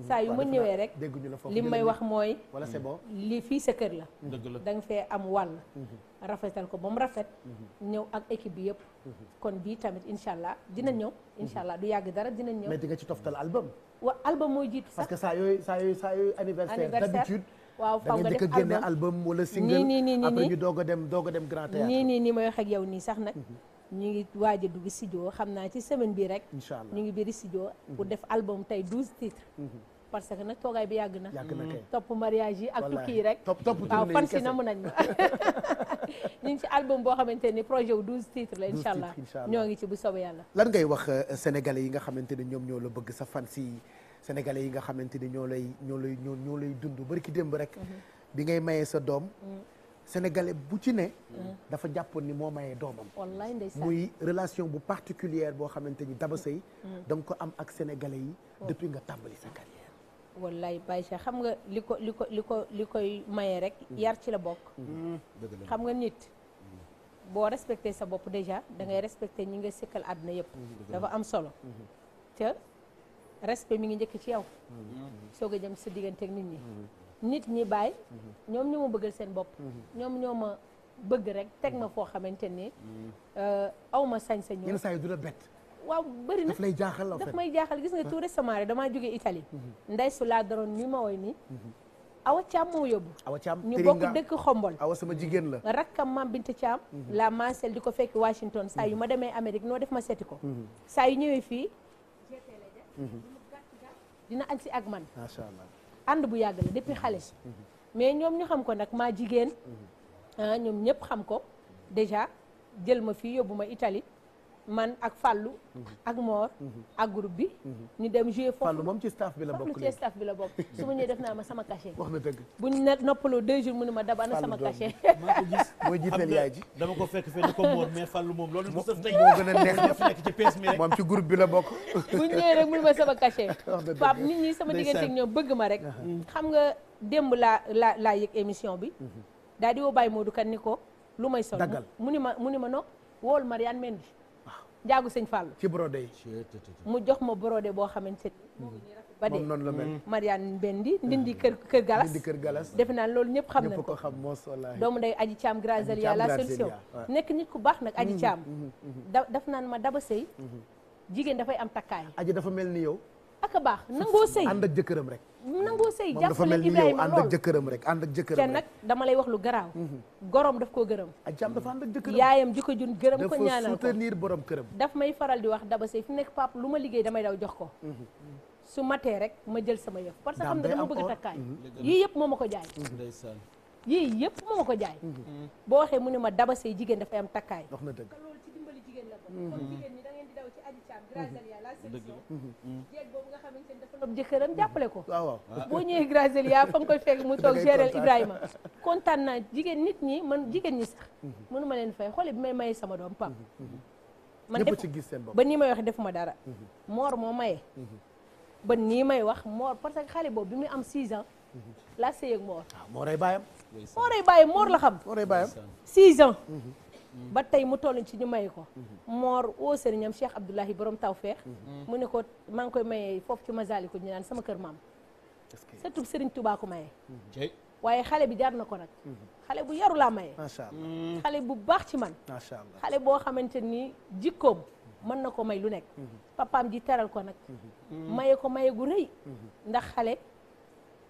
saa yu ma ñëwee rek li may wax mooy. wala c'est bon li fii sa kër la. dëgg la da fee am wàll. rafetal ko ba rafet. ñëw ak équipe bi yëpp. kon bii tamit incha allah dina ñëw. incha allah du yàgg dara dina ñëw. mais nga ci toftal album. wa album mooy jiitu sax que saa yooy saa yooyu saa waaw faw nga def génne album wala single nii nii nii après ñu doog a dem doog dem grand théâtre nii nii nii may wax ak yow nii sax nag mhm. ñu ngi waaj a dugg studio xam naa ci semaine bi rek incha allah ñu ngi biir studio mhm. pour def album tey douze titres mhm. parce que nag toogaay bi yàgg na topp mariage yi ak tukki yi rek waaw fan si namu nañ ma ñu ngi ci album boo xamante ni projet wu douze titres la incha ñoo ngi ci bu soobee yàlla lan ngay wax euh, sénégalais yi nga xamante ne ñoom ñoo la bëgg sa fan si sénégalais yi nga xamante ni ñoo lay ñoo lay ñoo ñoo lay dund bari ki démb rek. Mhm. bi ngay mayee sa doom. Mm. sénégalais bu ci ne. Mm. dafa jàppoon ni moo mayee doomam. wallaay ndeysaan muy relation bu particulière boo xamante ni Daba mm. Seye. da ko am ak sénégalais yi. Oh. depuis nga tàmbali sa carrière. wallaay Baye Cheikh xam nga li ko li ko li ko li koy mayee rek. yar ci la bokk. xam nga nit. boo respecté sa bopp déjà da ngay respecté ñi nga sëkkal àdduna yëpp. dafa am solo. respect mi ngi njëkk ci yow soog a jëm sa diggante ak nit ñi nit ñi bàyyi ñoom ñoo ma bëgg seen bopp ñoom ñoo ma bëgg rek teg ma foo xamante ni euh, aw ma sañ-sañu yenn saa yi du la bett waaw bëri na daf lay jaaxal daf may jaaxal gis nga tout récemment rek damaa jógee Italie mhm. nday su laa daroon ni ma woy nii mhm. awa Thiam moo yóbbu awa Thiam ñu bokk dëkk xombol awa sama jigéen la am mam Binta Thiam mhm. la mancelle di ko fekk Washington saa yi ma demee Amérique noo def ma seeti ko saa yu ñëwee fii dina añ si ak man macha ànd bu yàgg la depuis xale mhm. mais ñoom ñu xam ko nag maa jigéen mhm. ah, ñoom ñëpp xam ko déjà jël ma fi yóbbu ma Italie man ak Fallou. ak Mor. ak groupe bi. ñu dem jouer foofu moom ci staff bi la bokk bi la bokk su ma ñëwee def naa ma sama cachet. dëgg bu ñu noppaloo deux jours mu ne ma dabana sama cachet. maa ko gis mooy jiiteel yaay ji dama ko fekk fenn ko Mor mais Fallou moom loolu. la bokk. rek mu ne ma sama cachet. Pape nit ñi sama diggante ñoom bëgg ma rek. xam nga démb laa laa laa yëg émission bi. Mhm. daal di woo Baye Modou kan ni ko lu may sol. mu ni ma mu ni ma no wool Marianne Mendy njaagu sëñ Fall. ci brodé yi. mu jox ma brodé boo xamante mm-hmm. ba dee moom noonu la mel. Mm-hmm. Mariane Mbendi mm-hmm. ndindi kër kër Galas ndindi kër Galas. defe naan loolu ñëpp xam na ko ñëpp ko xam mos wallaahi. doomu day Aji la solution nekk nit ku baax nag Aji Thiam. da daf naan ma daba sëy jigéen dafay am takkaay. Aji dafa mel ni yow. ak baax nangoo sëy ànd ak jëkkëram rek. nangoo sëy jàppale Ibrahima lool ma ak jëkkëram rek ànd ak jëkkëram te nag dama lay wax lu garaaw mhm. gorom daf koo gërëm ak jàmm dafa ànd ak yaayam ji ko jun gërëm ko ñaanal ko dafa soutenir borom këram daf may faral di wax daba sëy fi nekk pap lu ma liggéey damay daw jox ko mhm. su matee rek ma jël sama yëf parce que xam nga dama bëgg a takkaay mhm. yii yëpp moo ma ko jaay yii yëpp moo ma ko jaay boo waxee mu ne ma daba jigéen dafay am takkaay wax na dëgg grâce à Lia mhm. jëkkëram mhm. jàppale ko waaw ah, waaw boo ñëwee grâce à Lia ah, fa nga koy fekk mu toog géréel Ibrahima kontaan naa jigéen nit ñi man mhm. jigéen ñi sax mënu ma leen fay xoole bi may maye sama doom pam man def ci gis seen bopp ba nii may wax defuma dara moor moo maye ba nii may wax moor parce que xale boobu bi muy am 6 ans la sëy ak moor waaw ah, mooray bàyyam mooray bàyyam moor la xam mooray bàyyam ba tey mu toll ci ñu maye ko moor oo sëriñam Cheikh Abdoulahi borom tawfeex mu ne ko maa ngi koy mayee foofu ci ko ñu naan sama kër maam surtout sëriñ Tuubaa ko maye waaye xale bi jaar na ko nag xale bu yaru laa maye macha allah mm. xale bu baax ci man macha xale boo xamante nii jikkoom mën na ko may lu nekk mm-hmm. papaam ji teral ko nag mm-hmm. maye ko maye gu rëy mm-hmm. ndax xale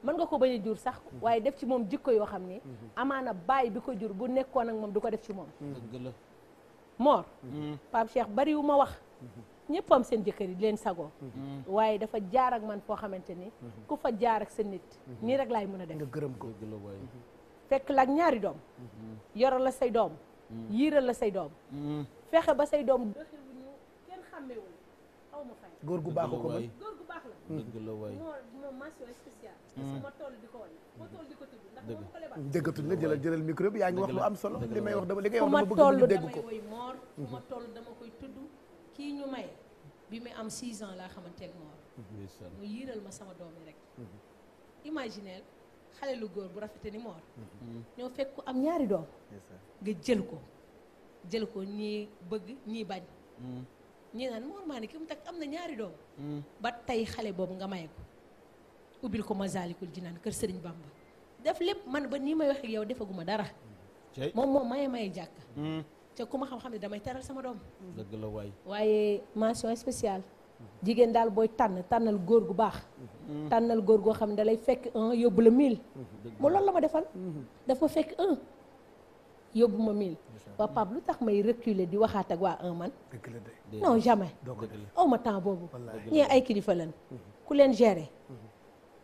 mën nga ko bañ jur sax mhm. waaye def ci moom jikko yoo xam ne mhm. amaana baay bi ko jur bu nekkoon ak moom du ko def ci moom mhm. moor Pape Cheikh bariwu ma wax ñëpp am seen jëkkër yi di leen sagoo waaye dafa jaar ak man foo xamante ni ku fa jaar ak sa nit nii rek laay mën a def nga gërëm ko fekk la ak ñaari doom yoral la say doom yiiral la say doom fexe ba say doom doxewuñu kenn xàmmewul xaw ma fa góor gu baax ko ko mën góor la. Hmm. dëgg la waay moom mention hmm. ma toll di ko wane. ma toll di ko tudd ndax moom ko lebal. nga jëlal jëlal micro bi yaa ñu wax lu am solo. li may wax dama li ngay wax dama bëgg ñu dégg ko fu ma hmm. toll damay woy moor. fu ma dama koy tudd kii ñu may bi mu am 6 ans laa xamante ak moor. mu yiiral ma sama doom yi rek. imagineel xale lu góor bu rafete ni moor. ñoo fekk am ñaari doom. nga jël ko jël ko ñii bëgg ñii bañ. ñi naan Mor Mané ki mu takk am na ñaari doom. Hmm. ba tey xale boobu nga maye ko ubbil ko Masaalikul Jinaan kër Serigne Bamba def lépp man ba nii may wax ak yow ma dara. moom moom maye maye jàkk te hmm. ku ma xam-xam ne damay taral sama doom. Hmm. dëgg la waaye mention spéciale. jigéen daal booy tànn tànnal góor gu baax. tànnal góor goo xam ne da fekk un yóbbu la mille. mu loolu la ma defal. dafa fekk un. yóbbu ma mille waa Pape lu tax may reculer di waxaat ak waa un man non jamais aw ma temps boobu ñee ay kilifa lan mhm. ku leen gérer mhm.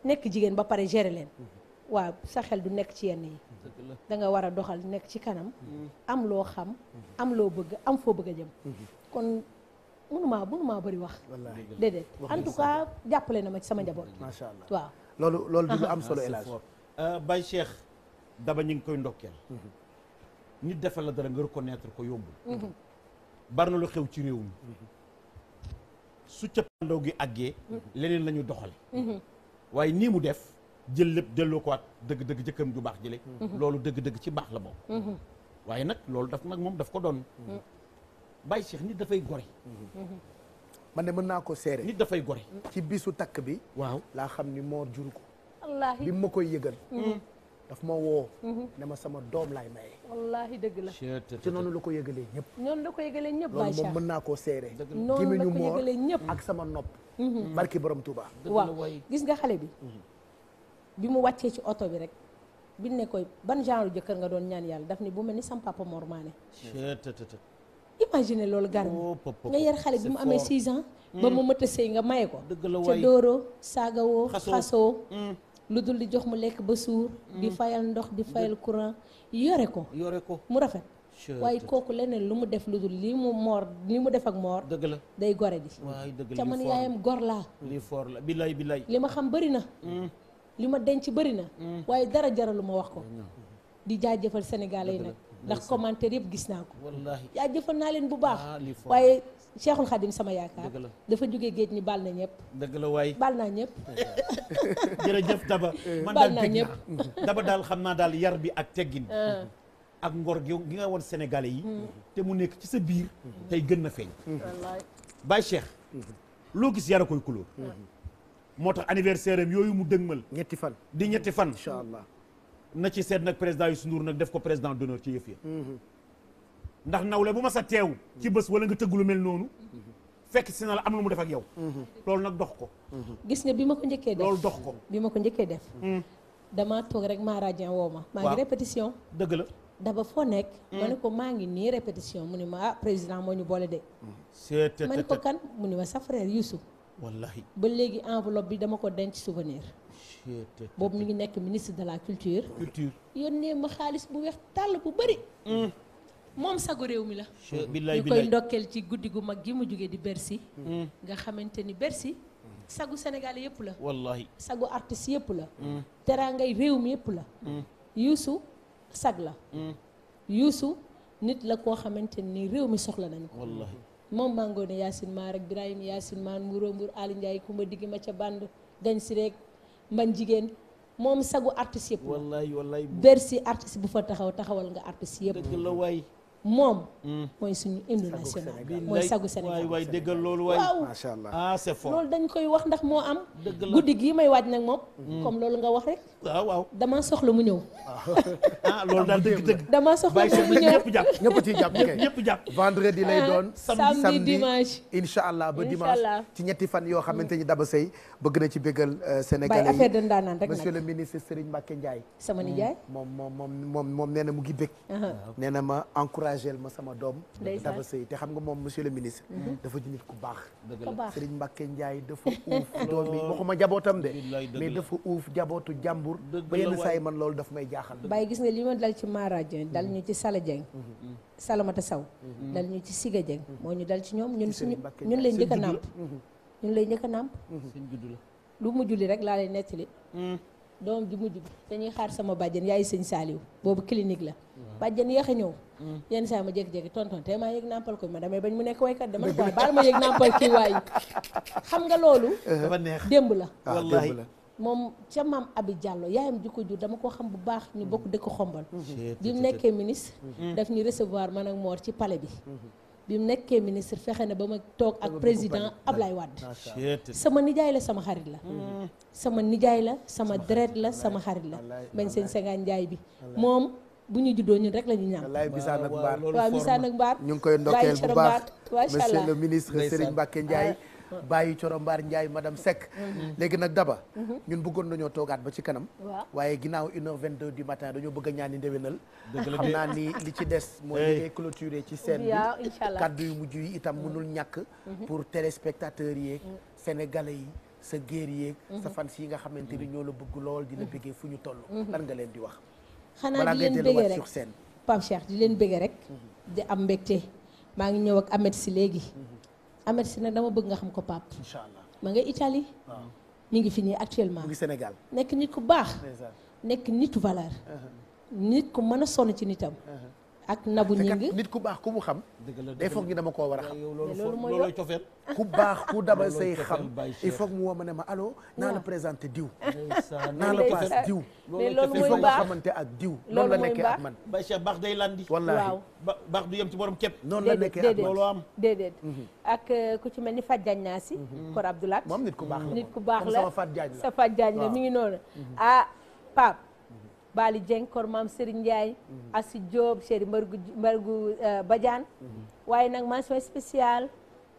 nekk jigéen ba pare gérer leen mhm. waaw sa xel du nekk ci yenn yi da nga war a doxal nekk ci kanam am loo xam am loo bëgg am foo bëgg a jëm kon mënumaa mënumaa bëri wax déedéet en tout cas jàppale na ma ci sama njaboot macha allah loolu loolu du lu am solo El Hadj euh, Baye Cheikh Daba ñu ngi koy ndokkeel nit defal la dara nga reconnaître ko yombul. Mhm. bari na lu xew ci réew mi. Mhm. su cappaandaw gi àggee. Mhm. leneen la ñu doxale waaye nii mu def jël lépp delloo ko waat dëgg-dëgg jëkkëram ju baax jële loolu dëgg-dëgg ci baax la bokk. waaye nag loolu daf nag moom daf ko doon. Baye Cheikh nit dafay gore. man de mën naa ko seere. nit dafay gore. ci bisu takk bi. waaw laa xam ni moor juru ko. wallaahi bi ma koy yëgal. daf ma woo. ne ma sama doom laay maye. wallaahi dëgg la ci noonu la ko yëgalee ñëpp noonu la ko yëgalee ñëpp loolu moom mën naa koo seere noonu la ko yëgalee ñëpp ak sama nopp mhm. barki borom Touba waaw gis nga xale bi mhm. bi mu wàccee ci oto bi rek bi ne koy ban genre jëkkër nga doon ñaan yàlla daf ni bu mel ni sam papa Mor Mané imagine loolu gar nga yar xale bi mu amee 6 ans ba mhm. mu mët a sëy nga maye ko ca dóoroo saagawoo xasoo lu dul di jox mu lekk ba suur. di mm. fayal ndox di fayal courant yore ko. yore ko mu rafet. waaye kooku leneen lu mu def lu dul lii mu moor lii mu def ak moor. dëgg la day gore ji. waay dëgg la ca man yaayam gor laa. foor la bilay bilay. li ma xam bari na. Mm. li ma denc bëri na. Mm. waaye dara lu ma wax ko. di jaajëfal sénégalais yi nag. ndax commentaire yëpp gis naa ko. wallaahi jaajëfal naa leen bu baax. Ah, waaye. Cheikhul Khadim sama yaakaar. dafa jógee géej ni baal na ñëpp. dëgg la waaye baal naa ñëpp. jërëjëf Daba. man daal teg Daba daal xam naa daal yar bi ak teggin. Ah. ak ngor gi gi won woon Sénégalais yi. Hmm. te mu nekk ci sa biir. Hmm. tey gën na feeñ. Baye Cheikh. Hmm. loo gis yara koy kulóor. moo tax anniversaire am yooyu mu dëgmal. ñetti fan di ñetti fan. incha na ci seet nag président Youssou Ndour nag def ko président d'honneur ci yëf yi. ndax nawle bu ma sa teew ci bës wala nga tëgg lu mel noonu fekk si na la am lu mu def ak yow loolu nag dox ko gis nga bi ma ko njëkkee def loolu ko bi ma ko njëkkee def hmm. damaa toog rek maradien woo ma maa ngi répétition dëgg la daba foo nekk hmm. ma ne ko maa ngi nii répétition mu ne ma ah président moo ñu boole de ma ne ko kan mu ne ma sa frère Youssou wallahi ba léegi enveloppe bi dama ko denc souvenir boobu mu ngi nekk ministre de la culture culture yónnee ma xaalis bu weex tàll bu bëri hmm. moom sagu réew mi la. billaay ñu koy ndokkeel ci guddi gu mag gi mu jógee di Bercy. Mm. nga xamante ni Bercy. sagu Sénégal yëpp la. wallahi sagu artiste yëpp la. Mm. teraangay réew mi yëpp la. Mm. Youssou sag la. Youssou nit la koo xamante ni réew mi soxla nañu ko. moom maa ngoone Yacine Mar ak Birahim Yacine Mar Mbourou Mbour Ali Ndiaye Diggi ma ca band dañ si rek jigéen. moom sagu artiste yëpp wallaay wallaay Bercy bu fa taxaw taxawal nga artiste yëpp waay moom. Mm. mooy suñu hymne national mooy sagu Sénégal waay waay déggal ah, koy wax ndax moo am. guddi gii may waaj nag moom. Mm. comme loolu nga wax rek. waaw waaw damaa soxla mu ñëw. ah loolu daal dëgg dëgg. damaa soxla mu ñëw ñëpp jàpp ñëpp ciy jàpp kay lay ah, doon samedi samedi dimanche. incha allah ba dimanche ci ñetti fan yoo xamante ni Daba Seye bëgg na ci bëggal euh, Sénégalais yi affaire de ndaanaan rek nag monsieur le ministre Serigne Mbacké mm. moom moom mu ngi bëgg. nee ma encourage engagel ma sama doom dafa sëy te xam nga moom monsieur le ministre mhm. dafa di nit ku baax Serigne Mbacke Ndiaye dafa uuf doom yi waxuma jabootam de mais dafa uuf jabootu jàmbur ba yenn saa yi man loolu daf may jaaxal bàyyi gis nga li ma dal ci Mara Dieng dal ñu ci Sala Dieng mhm. Mhm. Salamata Saw dal ñu ci Siga Dieng moo ñu dal ci ñoom ñun suñu ñun lay njëkk a nàmp ñun lay njëkk a la lu mu julli rek laa lay nettali mm. doom ji mujj bi dañuy xaar sama bàjjen yaay sëñ Saaliw boobu clinique la bàjjen yéex a ñëw hmm. yenn saa ma jékki-jékki tonton te maa yëg nàmpal ko ma damay bañ mu nekk waykat dama ko baal ma yëg nàmpal kii waay xam nga loolu dafa démb la ah, wallaahi moom ca maam Abi Diallo yaayam ji ko jur dama ko xam bu baax ñu bokk hmm. dëkk xombal hmm. bi mu nekkee ministre daf ñu recevoir man ak Mor ci pale bi bi mu nekkee ministre fexe na ba ma toog ak président Ablaye Wade sama nijaay la sama xarit la mm-hmm. sama nijaay la sama deret la sama xarit la mañ seen sengaan njaay bi moom bu ñu juddoo ñun rek la ñu ñaan wallaay bisaan ak mbaar waaw bisaan ak mbaar ñu ngi koy ndokkeel bu baax monsieur le ministre Serigne Mbacké Ndiaye ah. bàyyi Coro njaay Ndiaye madame Seck. Mhm. léegi nag daba. Mhm. ñun bëggoon nañoo toogaat ba ci kanam. waaye ginnaaw une heure vingt deux du matin dañoo bëgg a ñaani ndéwénal. xam naa ni li ci des. mooy li ngay ci seen bi. kaddu yu mujj yi itam mënul ñàkk. Mhm. pour téléspectateurs yeeg. sénégalais yi. sa géer yeeg sa fans yi nga xamante ni ñoo la bëgg lool di la bëggee fu ñu toll. lan nga leen di wax. xanaa di leen bëggee rek Pape di leen bëggee rek. di am mbégte maa ngi ñëw ak Ahmed si léegi. Ahmed si ne dama bëgg nga xam ko Pape. incha allah ma nga Italie. mi ngi fi nii actuellement. mu ngi Sénégal nekk nit ku baax. nekk nitu valeur. Uh-huh. nit ku mën a sonn ci nitam. Uh-huh. ak nabu ñing nit ku baax ku mu xam. de foog ni dama koo war a xam. loolu mooy loolu cofeel ku baax ku dama say xam il faut mu woo ma ne ma allo naa la présenté diw. naan la paas diw. mais loolu mooy baax il faut xamante ak diw. loolu la nekkee man. Baye Cheikh baax day landi. wallaahi baax du yem ci borom képp. noonu la nekkee ak loolu am déedéet mhm. ak euh, ku ci mel ni Fat Diagne naa si. Mhm. Mhm. Kor Abdoulaat moom nit ku baax la nit ku baax la. sama Fat Diagne la sa Fat Diagne la mi ngi noonu. a ah, Pape. Bali Dieng kor maam Serigne Ndiaye. Mhm. Asi Diop chéri Mbargu Mbargu euh, Badiane. Mhm. waaye nag mention spéciale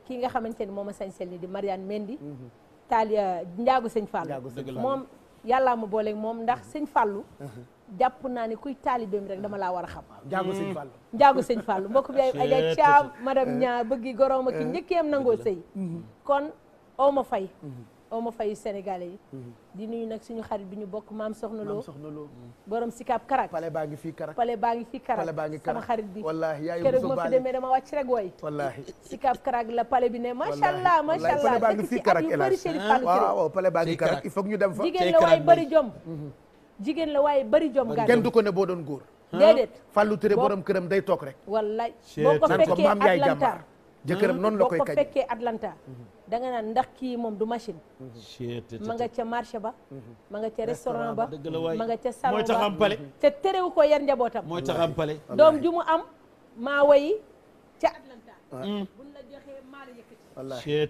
kii nga xamante ni moom a sañsel ni di Marianne Mendy. Mhm. Talia euh, Ndiago Sëñ Fallou moom yàllaa ma booleeg moom ndax Sëñ Fallou. jàpp naa ne kuy bem rek dama laa war a xam. njaago sëñ Fallou njaago sëñ Fallou mbokk bi ay ay caab madame ñaar bëggi goroom ki njëkkeem eh, eh. nangoo sëy kon aw ma fay. ma fayu sénégalais yi di nuyu nag suñu xarit bi ñu bokk maam soxna loo soxna loo mm. borom sikap karak pale baa ngi fii karak pale baa ngi fii karak sama xarit bi wallaahi yaay keroog ma fi demee dama wàcc rek wooy wallaahi sikap karak la pale bi ne macha allah macha allah pale baa ngi fii karak yu bëri chérif Fallou ah, waaw pale baa ngi karak il faut ñu dem fa jigéen la waaye bëri jom mm-hmm. jigéen la waaye bari jom gan kenn du ko ne boo doon góor déedéet Fallou Touré borom këram day toog rek wallaay boo ko fekkee ak lantaar jëkkëram noonu la koy kañ boo ko fekkee Atlanta. da nga naan ndax kii moom du machine. ma nga ca marché ba. ma nga ca restaurant ba ma nga ca salon ba mooy taxampale. te terewu ko yar njabootam. mooy taxampale doom ju am maa wayi ca Atlanta. Hmm. buñ la joxee maa wallaahi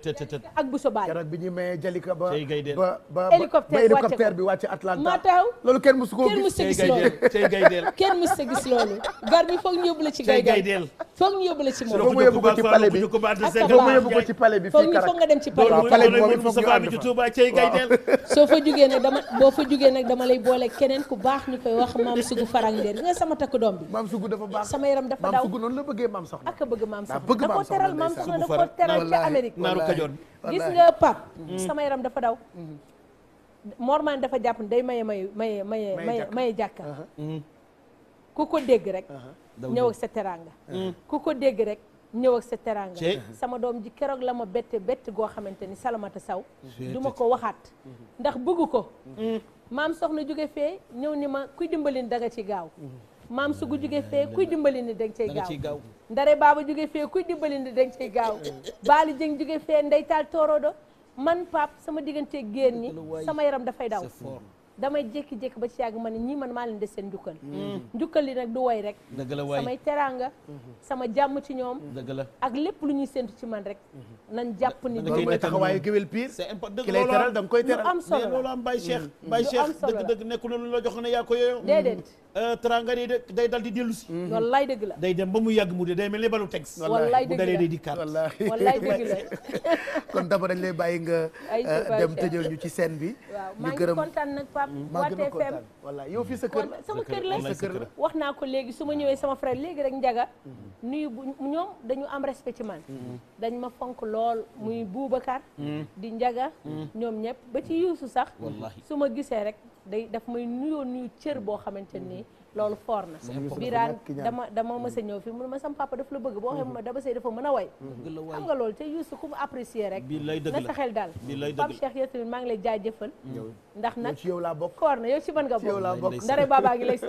ak bu sobaale. keroog bi ñuy maye Jalika ba ba ba ba hélicoptère bi wàcce Atlanta. ma taw loolu kenn musu koo gis tey gay deel tey gay deel kenn musu gis loolu. gar bi foog ñu yóbbu la ci gay gay deel foog ñu yóbbu la ci moom. foog mu yóbbu ko ci palais bi foog mu yóbbu ko ci palais bi fii karak foog nga dem ci palais bi. waaw palais bi moom it foog ñu ànd fa waaw. soo fa jugee nag dama boo fa jugee nag dama lay boole keneen ku baax ñu koy wax maam sugu farandeer nga sama takk doom bi. maam sugu dafa baax sama yaram dafa daw maam sugu noonu la bëggee maam soxna. ak a bëgg maam soxna da ko teral maam soxna da ko teral Amérique naaru kajoor bi gis nga pap mm-hmm. sama yaram dafa daw mm-hmm. mormaan dafa jàpp ne day maye maye maye maye maye jàkka uh-huh. uh-huh. mm-hmm. ku ko dégg rek ñëw sa teraanga ku ko dégg rek ñëw sa teraanga sama doom ji keroog la ma bette bett goo xamante ni salamata saw du ma ko waxaat ndax bëgg ko maam soxna jóge fee ñëw ni ma kuy dimbalin da ci gaaw maam su gu jóge fee kuy dimbali ni danga cay gaaw ndare baaba jóge fee kuy dimbali ni danga cay gaaw baali jëng jóge fee ndeytaal tooroodo man pap sama diggante génn ñi sama yaram dafay daw damay jékki-jékki ba ci yàgg ma ne ñii man maa leen des seen njukkal mm. njukkal li nag du woy rek dëgg la waay samay teraanga mm-hmm. sama jàmm ci ñoom dëgg la ak lépp lu ñuy séntu ci man rek mm-hmm. nañ jàpp ni mooy taxawaayu géwél piir ki lay teral da nga koy teral am solo loolu am Baye dëgg dëgg nekku na lu la jox ne yaa ko yooyo Euh, teraanga day day dal di dellu si. Mhm. wallaay dëgg la day dem ba mu yàgg mu de day mel ni balu tegs. wallaay dalee day dikkaat. wallaay dëgg la kon dama dañ lay bàyyi nga. Euh, dem tëjal ñu ci seen bi. ñu gërëm waaw maa ngi kontaan nag Pape. Mm. maa ngi kontaan yow fii sa kër. kër la wax naa ko léegi su ma ñëwee sama frère léegi rek njaga. Mm-hmm. nuyu bu ñoom dañu am respect mm-hmm. dañ ma fonk lool muy mm-hmm. Boubacar. di njaga. ñoom ñëpp ba ci Youssou sax. su ma gisee rek day daf may nuyoo nuyu cër boo xamante ni loolu foor na biraan dama dama mësa ñëw fi mun ma sam papa daf la bëgg boo xam ma daba sey dafa mën a way mm-hmm. xam nga loolu te Youssou ku mu apprécier rek na sa xel daal Pape Cheikh yow maa ngi lay jaajëfal mm-hmm. ndax nag yow laa bokk ci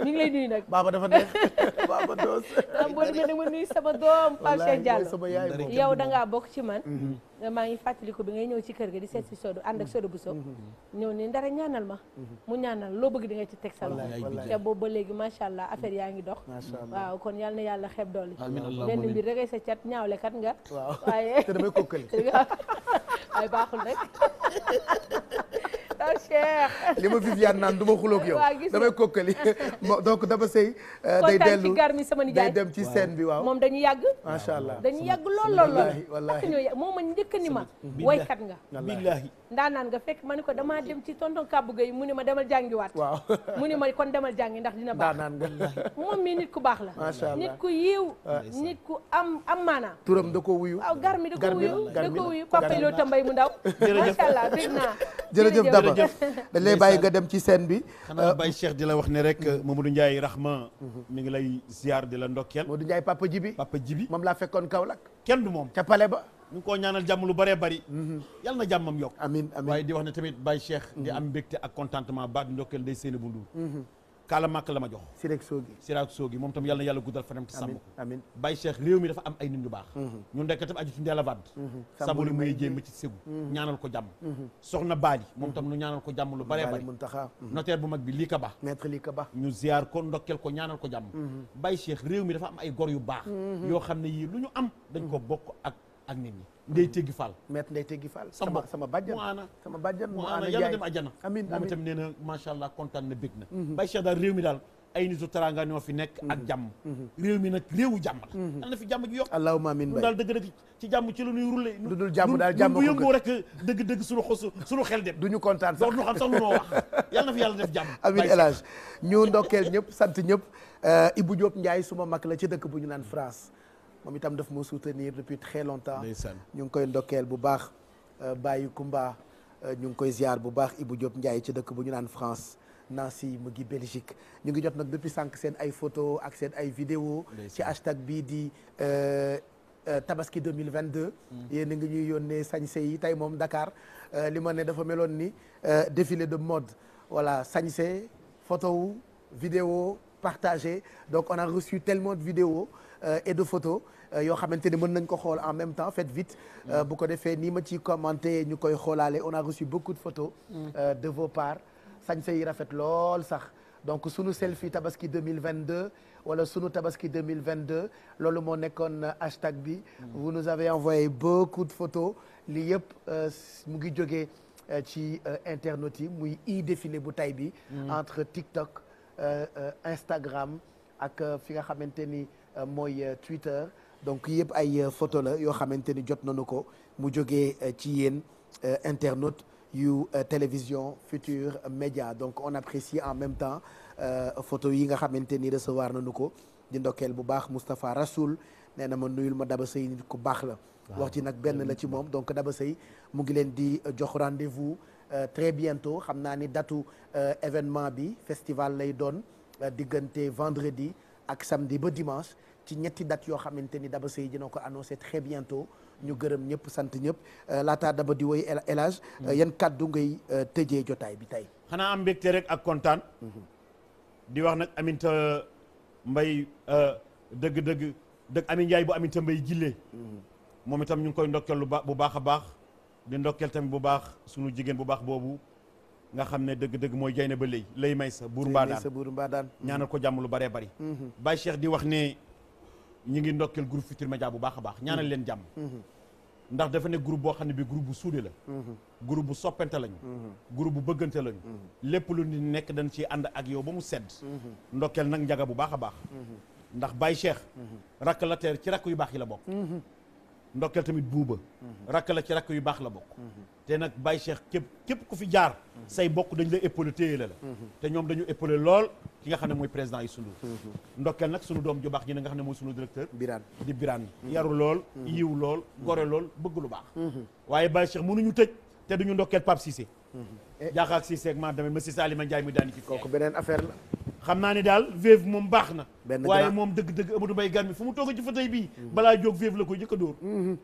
nuyu nag baba dafa neex baba doom Pape mm-hmm. maa ngi fàttaliku bi ngay ñëw ci kër ga di seet si sodu ànd ak sodu bu so ñëw ni ndara ñaanal ma mu ñaanal loo bëgg di nga ci teg sa loxo te boobu ba léegi macha allah affaire yaa ngi dox. waaw kon yal na yàlla xeeb doole. amiin alhamdulilah benn mbir rek sa cat ñaawle nga. waaw te damay kokkali. waaye baaxul rek. Ah, li ma Viviane naan du ma xuloog yow damay kokkali donc dama sëy euh, day dellu day dem ci scène bi waaw moom dañu yàgg macha allah dañu yàgg lool lool lool ak ñoo yàgg ma njëkk ni ma waykat nga billaahi ndaanaan nga fekk ma ni ko damaa dem ci tonton Kabou mu ni ma demal jàngiwaat waaw mu ni kon demal jàngi ndax dina baax ndaanaan nga moom mii nit ku baax la macha allah nit ku yiiw nit ku am am maanaa turam da ko wuyu waaw gar mi da ko wuyu da ko wuyu papa loo tambay mu ndaw macha allah bég naa jërëjëf Baba dañ lay bàyyi nga dem ci seen bi. xanaa euh, Baye Cheikh di la wax ne rek moom euh, Mamadou Ndiaye Rahma. mu ngi lay ziar di la ndokkeel. Mamadou Ndiaye Papa Jibi Papa Jibi moom laa fekkoon Kaolack. kenn du moom ca Palais ba. ñu koo ñaanal jàmm lu bëree bëri. Mhm. yàlla na jàmmam yokk. amiin amiin waaye di wax ne tamit Baye Cheikh. di mhm. am mbégte ak contentement baat ndokkeel day seeni bu kaala maak la ma jox Sirek Soogi Sirek Soogi moom tam yàlla na yàlla guddal fanam te sàmm ko amiin Baye Cheikh réew mi dafa am ay nit ñu baax mhm. ñun ndekk tam aju ci Ndella Wade mhm. sabuli muy jéem ci ségu mhm. ñaanal ko jàmm soxna Baali moom tam nu ñaanal ko jàmm lu bare bare Muntaxa notaire bu mag bi lii ka ba maître lii ba ñu ziar ko ko ñaanal ko jàmm Baye Cheikh réew mi dafa am ay gor yu baax yoo xam ne yii lu ñu am dañ ko bokk ak ak nit ñi Ndeye Teggi faal maître Ndeye Teggi Fall. sama sama bàjjan mu aana sama bàjjan mu aana yàlla dem àjjana. amiin amiin moom itam nee na macha allah kontaan na bég na. Mhm. Baye Cheikh daal réew mi daal ay nitu teraanga ñoo fi nekk. ak mhm. jàmm. Mhm. réew mi nag réewu jàmm la. yal na fi jàmm ji yokk. allahumma ci jàmm ci la ñuy dul jàmm daal jàmm ko bu yëngoo rek dëgg-dëgg suñu du ñu kontaan sax loolu ñu xam noo wax yàlla na fi yàlla def jàmm. amiin El Hadj ñu ndokkeel ñëpp sant ñëpp euh, Ibou Diop Ndiaye suma mag la ci dëkk bu ñu naan France moom itam daf ma soutenir depuis très longtemps ñu ngi koy ndokkeel bu baax euh, bàyyi Kumba euh, ñu ngi koy ziar bu baax ibu Diop Ndiaye ci dëkk bu ñu naan France Nancy mu ngi Belgique ñu ngi jot nag depuis sànq seen ay photo ak seen ay vidéo ci hashtag bii di euh, tabaski 2022 mm. yéen a ngi ñuy yónnee sañse yi tey moom Dakar li ma ne dafa meloon ni défilé de mode voilà sañse photo wu vidéo partagé donc on a reçu tellement de Euh, et de photos euh, yoo xamante ne mën nañ ko xool en même temps faites vite. Euh, bu ko defee nii ma ciy commenté ñu koy xoolaale on a reçu beaucoup de photos. Mm. de vos parts sañse rafet lool sax. donc sunu selfie tabaski 2022 wala sunu tabaski 2022 loolu moo nekkoon hashtag bi. Mm. vous nous avez envoyé beaucoup de photos lii yëpp mu ngi jóge ci internautes yi muy i défilé bu tay bi. Mm. entre TikTok Instagram. ak euh, fi nga xamante ni euh, mooy euh, Twitter donc yëpp ay photo la yoo xamante ni jot nañu ko mu jógee ci yéen internautes yu télévision Futur Média donc on apprécie en même temps photo yi nga xamante ni recevoir nañu ko di ndokkeel bu baax Moustapha Rasoul nee na ma nuyul ma Daba Sey nit ku baax la. wax ci nag benn la ci moom donc Daba Sey mu ngi leen di jox rendez-vous très bientôt xam naa ni datu événement bi festival lay doon. Euh, diggante vendredi ak samdi ba dimanche ci ñetti date yoo xamante ni Daba Seye dina ko annoncé très bientôt ñu gërëm ñëpp sant ñëpp euh, laataa Daba di woy élage euh, yan kàddu ngay tëjee jotaay bi tey. xanaa am mbégte rek ak kontaan. Mhm. di wax nag Aminta Mbaye dëgg-dëgg dëgg Amin Ndiaye bu Aminta Mbaye jillee mhm. moom itam ñu ngi koy ndokkeel lu baax bu baax a baax di ndokkeel tamit bu baax sunu jigéen bu baax boobu. nga xam ne dëgg-dëgg mooy jay ne ba léy lay may sa buur mbaadaan sa buur mbaadaan ñaanal ko jàmm lu bëree bëri mm-hmm. Baye Cheikh di wax ne ñu ngi ndokkeel groupe Futurs Médias bu baax a baax ñaanal mm-hmm. leen jàmm mm-hmm. ndax dafa ne groupe boo xam ne bi groupe bu suude la groupe bu soppente lañu groupe bu bëggante lañu lépp lu nekk dañ ci ànd ak yow ba mu sedd ndokkeel nag njaga bu baax a baax ndax Baye Cheikh rakk la teer ci rakk yu baax yi la bokk ndokkeel tamit buuba rakk ci rakk yu baax la bokk te nag Baye Cheikh képp képp ku fi jaar say bokk dañ la épaulé téye la la mhm. te ñoom dañu épaulé lool ki nga xam ne mooy président Youssou Ndour mhm. ndokkeel nag sunu doom ju baax ji na nga xam ne mooy sunu directeur Birane di Birane mhm. yaru lool yiw lool gore lool bëgg lu baax waaye Baye Cheikh mënuñu tëj te duñu ndokkeel Pape Cissé eh. jaaxaak Cissé ak maam damay ma Cissé Alima Ndiaye muy daani ci kooku affaire la xam naa ne daal Wave moom baax na waaye moom dëgg-dëgg Amadou Mbaye Gane mi fu mu toog ci balaa jóg la koy jëkk a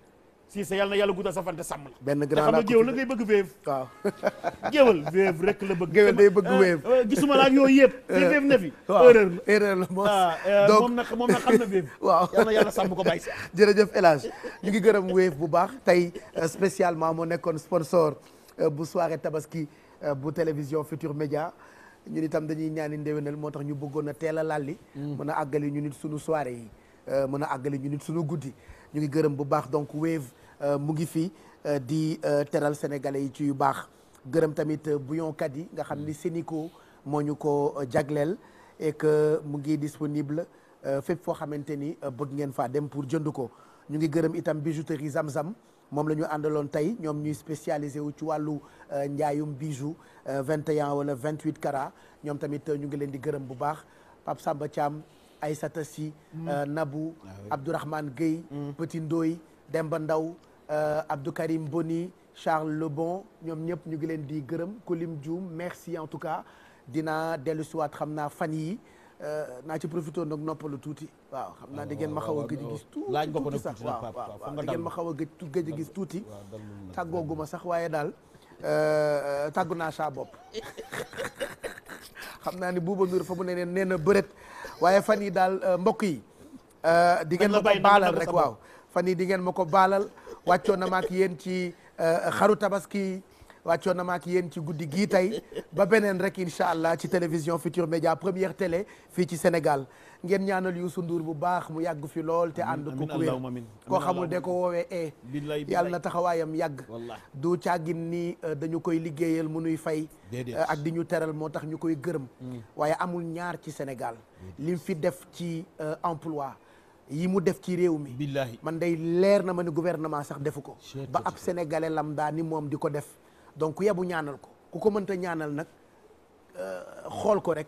si sa yàlla na yàlla guddal sa fante sàmm la benn grand xam nga géwél nag day bëgg wéef waaw géwél wéef la bëgg géwél day bëgg eh, wéef eh, gisuma laak yooyu yëpp te eh, wéef na fi erreur la erreur la ah, donc moom nag xam na wéef waaw yàlla yàlla sàmm ko bàyyi jërëjëf El ñu ngi gërëm wéef bu baax tey euh, spécialement moo nekkoon sponsor euh, bu soirée tabaski euh, bu télévision Futur Média ñun itam dañuy ñaani ndéwénal moo tax ñu bëggoon a teel a lalli mm. mën a àggali ñu nit suñu soirée yi mën a àggali ñu nit suñu guddi Euh, mu ngi fi euh, di euh, teral sénégalais yi ci yu baax gërëm tamit bouillonkat yi nga xam ni Sénico moo ñu ko jagleel et que mu ngi disponible fépp foo xamante ni bëgg ngeen faa dem pour jënd ko ñu ngi gërëm itam bijouterie Zamzam moom la ñu àndaloon tey ñoom ñuy spécialisé wu ci wàllu njaayum bijou 21 wala 28 carats ñoom tamit ñu ngi leen di gërëm bu baax Pape Samba Thiam Aïssata Sy mm. Nabou ah Abdourahmane Gueye mm. Petit Ndoy Demba Ndaw Euh, Abdou Karim Boni Charles Lebon ñoom ñëpp ñu ngi leen di gërëm Kulim Dioum merci en tout cas dina dellu si xam naa fan yi euh, naa ci profito nok noppalu tuuti waaw xam naa di ngeen ma xaw a gëj a gis tuuti sax waaw waaw da ngeen ma xaw a gëj gëj gis tuuti tàggooguma sax waaye daal euh, tàggu naa saa bopp xam naa ni Bouba Ndour fa mu ne nee na bërët waaye fan yi daal mbokk yi di ngeen ma ko baalal rek waaw fan yi di ngeen ma ko baalal wàccoon na ma yéen ci euh, xaru tabaski wàccoon na ma yéen ci guddi gii tey ba beneen rek incha allah ci télévision Futur Média première télé fii ci Sénégal ngeen ñaanal Youssou Ndour bu baax mu yàgg fi lool te ànd ko ku wér koo xamul de ko woowee e yàlla na taxawaayam yàgg du càggin nii euh, dañu koy liggéeyal mu nuy fay euh, ak di ñu teral moo tax ñu koy gërëm mm. waaye amul ñaar ci Sénégal lim fi def ci emploi yii mu def ci réew mi. billahi man day leer na ma ni gouvernement sax defu ko. ba ab lam daa ni moom di ko def donc ku yebu ñaanal ko ku ko mënta ñaanal nag euh, xool ko rek.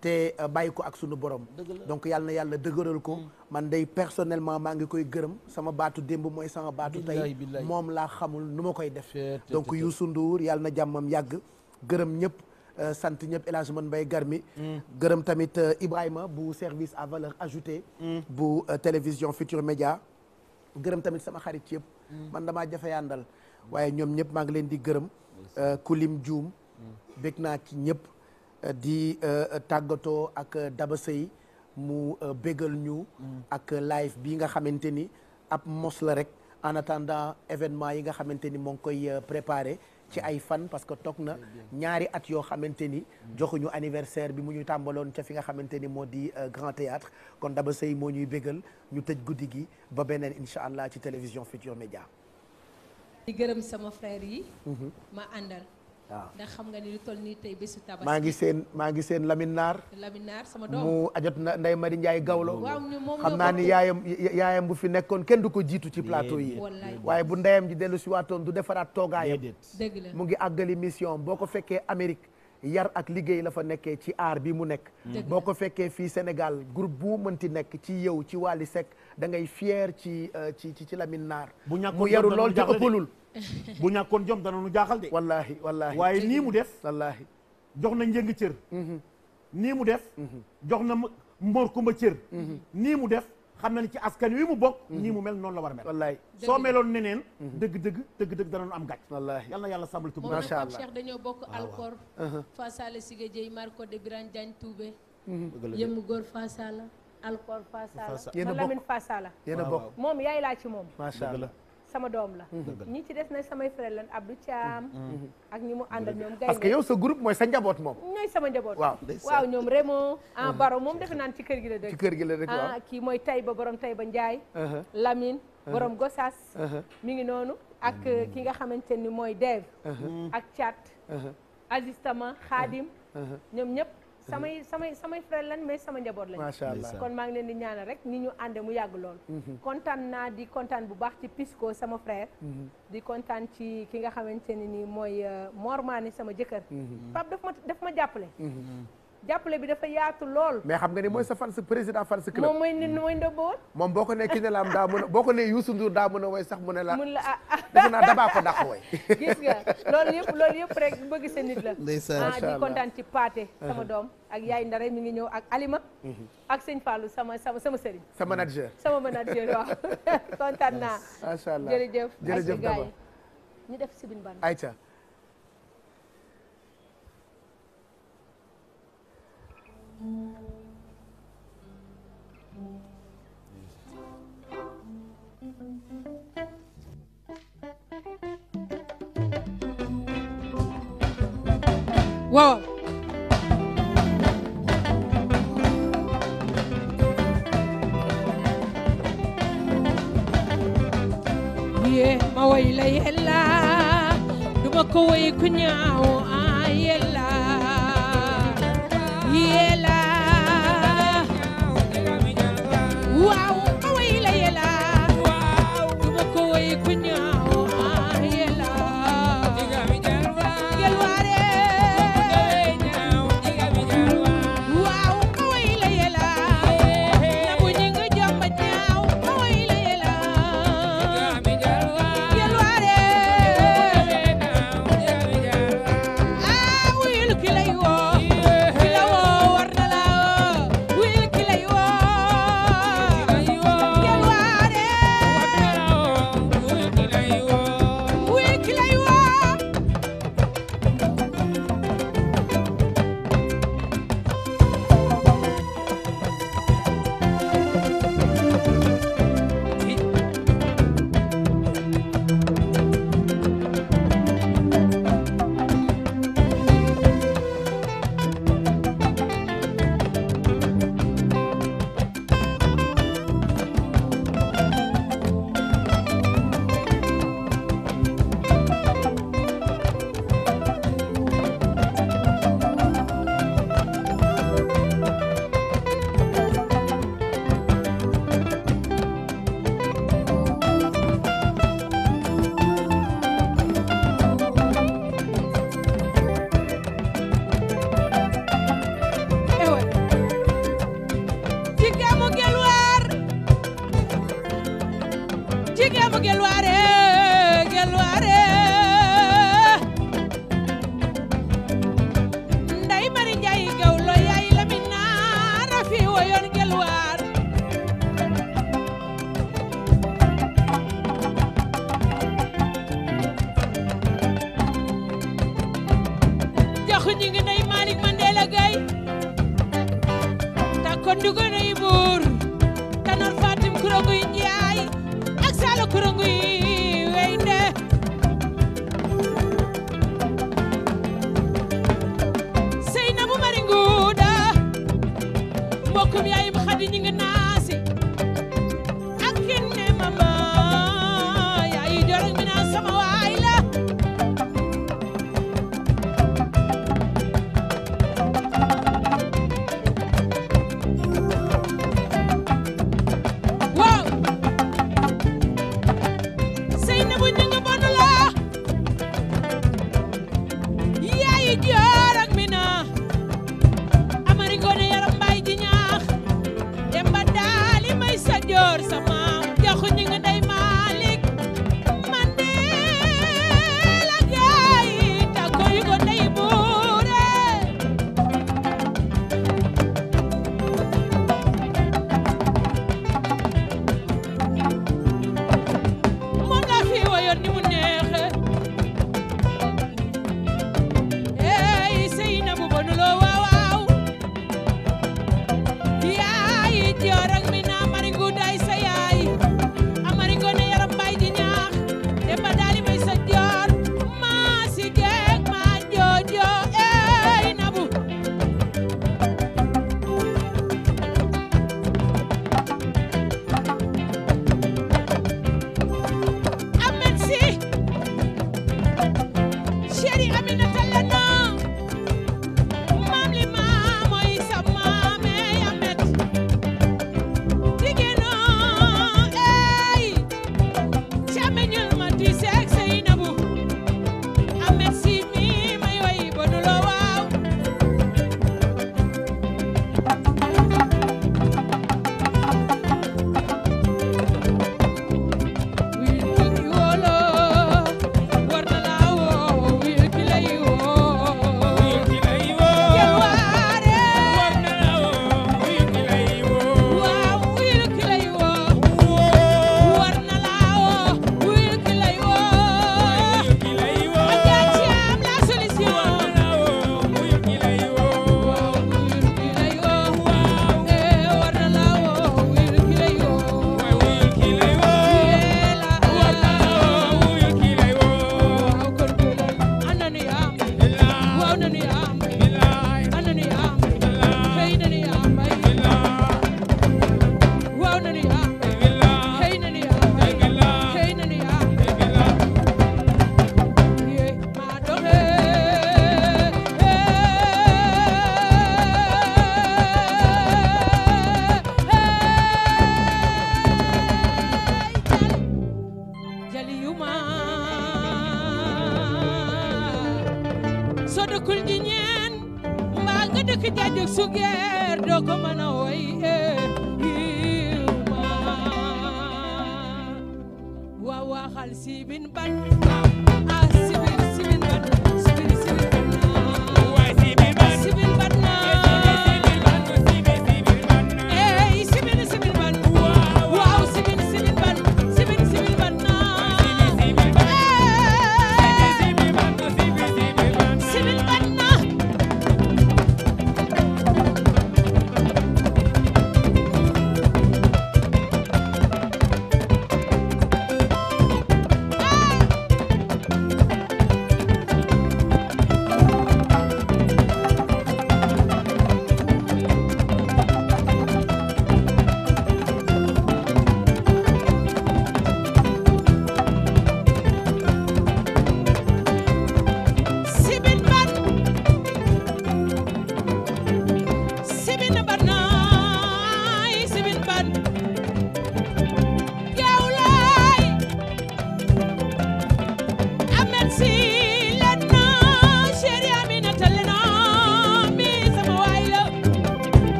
te euh, bàyyi ko ak sunu borom. donc yàlla yàlla dëgëral ko. Mm. man dey personnellement maa ngi koy gërëm sama baatu démb mooy sama baatu. tey moom laa xamul nu ma koy def. donc yu Ndour yàlla na jàmmam yàgg gërëm ñëpp. Euh, sant ñëpp El Hadj Man Mbaye Garmi mm. gërëm tamit euh, Ibrahima bu service à valeur ajouté mm. bu euh, télévision Futur Média gërëm tamit sama xarit yëpp mm. man damaa jafe yàndal waaye ñoom ñëpp maa ngi leen di gërëm kulim juum bég naa ci ñëpp di tàggatoo ak Daba Sey mu bégal ñu ak live bi nga xamante ni ab mos la rek en attendant événement yi nga xamante ni moo ngi koy préparé ci ay fan parce que toog na ñaari at yoo xamante ni joxuñu anniversaire bi mu ñu tàmbaloon ca fi nga xamante ni moo di euh, grand théâtre kon Daba Sey moo ñuy bégal ñu tëj guddi gi ba beneen incha allah ci télévision Futur Média di gërëm sama frère yi mhm. ma àndal waaw xam nga ni maa ngi seen maa ngi seen Lamine Naar. Lamine sama doom mu ajot na Ndeye Mari Ndiaye Gawlo. xam naa ni yaayam yaayam bu fi nekkoon kenn du ko jiitu ci plateau yi. waaye bu ndeyam ji dellu si waatoon du defaraat toogaayam. dëgg mu ngi àggali mission boo ko fekkee Amérique. yar ak liggéey la fa nekkee ci aar bi mu nekk boo ko fekkee fii senegal group bu mënti nekk ci yow ci Wally Seck da ngay fier ci euh, ci ci Lamine Naar mu yaru lool te bu ñàkkoon jom dana nu jaaxal de. wallaahi wallaahi waaye nii mu def. wallaahi jox na njëng cër. Mm-hmm. nii mu def. Mm-hmm. jox na mboor kumba cër. Mm-hmm. nii mu def xam na ni ci askan wi mu bokk. nii mu mel noonu la war mel. wallaahi soo meloon neneen. dëgg-dëgg dëgg-dëgg danañu am gàcc. wallaahi yal na yàlla sàmmal tuub. macha allah moom Cheikh bokk ah, Alcor. Uh-huh. Fassale Siga Dieye Marco de Birane Diagne Toubé. yëmm a bokk Malamine Fassala. yéen a bokk ah, moom yaay laa ci moom. macha allah. sama doom la ñii ci des na sama frère lan Abdou Thiam mm-hmm. Mm-hmm. ak ñi mu àndal ñoom gaynde parce que yow sa groupe mooy sa njaboot moom ñooy sama njaboot waaw waaw ñoom Raymond en mm-hmm. Baro moom defe naan ci kër gi la dëkk ci gi la dëkk waaw ah, kii mooy Taïba borom Taïba Ndiaye uh-huh. Lamine uh-huh. borom Gossas uh-huh. mi ngi noonu ak ki nga xamante ni mooy Dave ak Thiat Aziz Tama ñoom ñëpp samay samay samay lan mais sama njaboot lañ macha allah kon maa ngi leen di ñaanal rek ni ñu ànde mu yàgg lool mhm. kontaan naa di kontaan bu baax ci Pisco sama frère mhm. di kontaan ci ki nga xamante ne nii mooy euh, Mor ni sama jëkkër mhm. Pape daf ma daf ma jàppale jàppale bi dafa yaatu lool. mais xam nga ne mooy sa fan sa président fan sa club. moom mooy ni mooy ndoboon. moom boo ko ne Kiné Lam daa mën boo ko nee Youssou Ndour daa mën way sax mu ne la. mun la ah, ah. defe naa a ko dàq way. gis nga loolu yëpp loolu yëpp rek bëgg sa nit la. ndeysaan ah, di kontaan ci Pathé uh-huh. sama doom. ak yaay ndare mi ngi ñëw ak Alima. Uh-huh. ak sëñ Fallou sama sama sama sëriñ. sa manager sama manager waaw kontaan naa. macha allah jërëjëf jërëjëf dama ñu def si bin ban. waaw yee ma way la yella duma ko way ku ñaaw a ah, yella yee waaw ma way la yela waaw duma ko way ku ñaaw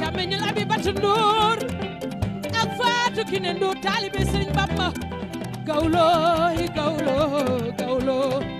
càmmiñu Abibatu Nduur ak Faatu Kine Nduur taalibe Sëriñ Bamba gawlo gawlo gawlo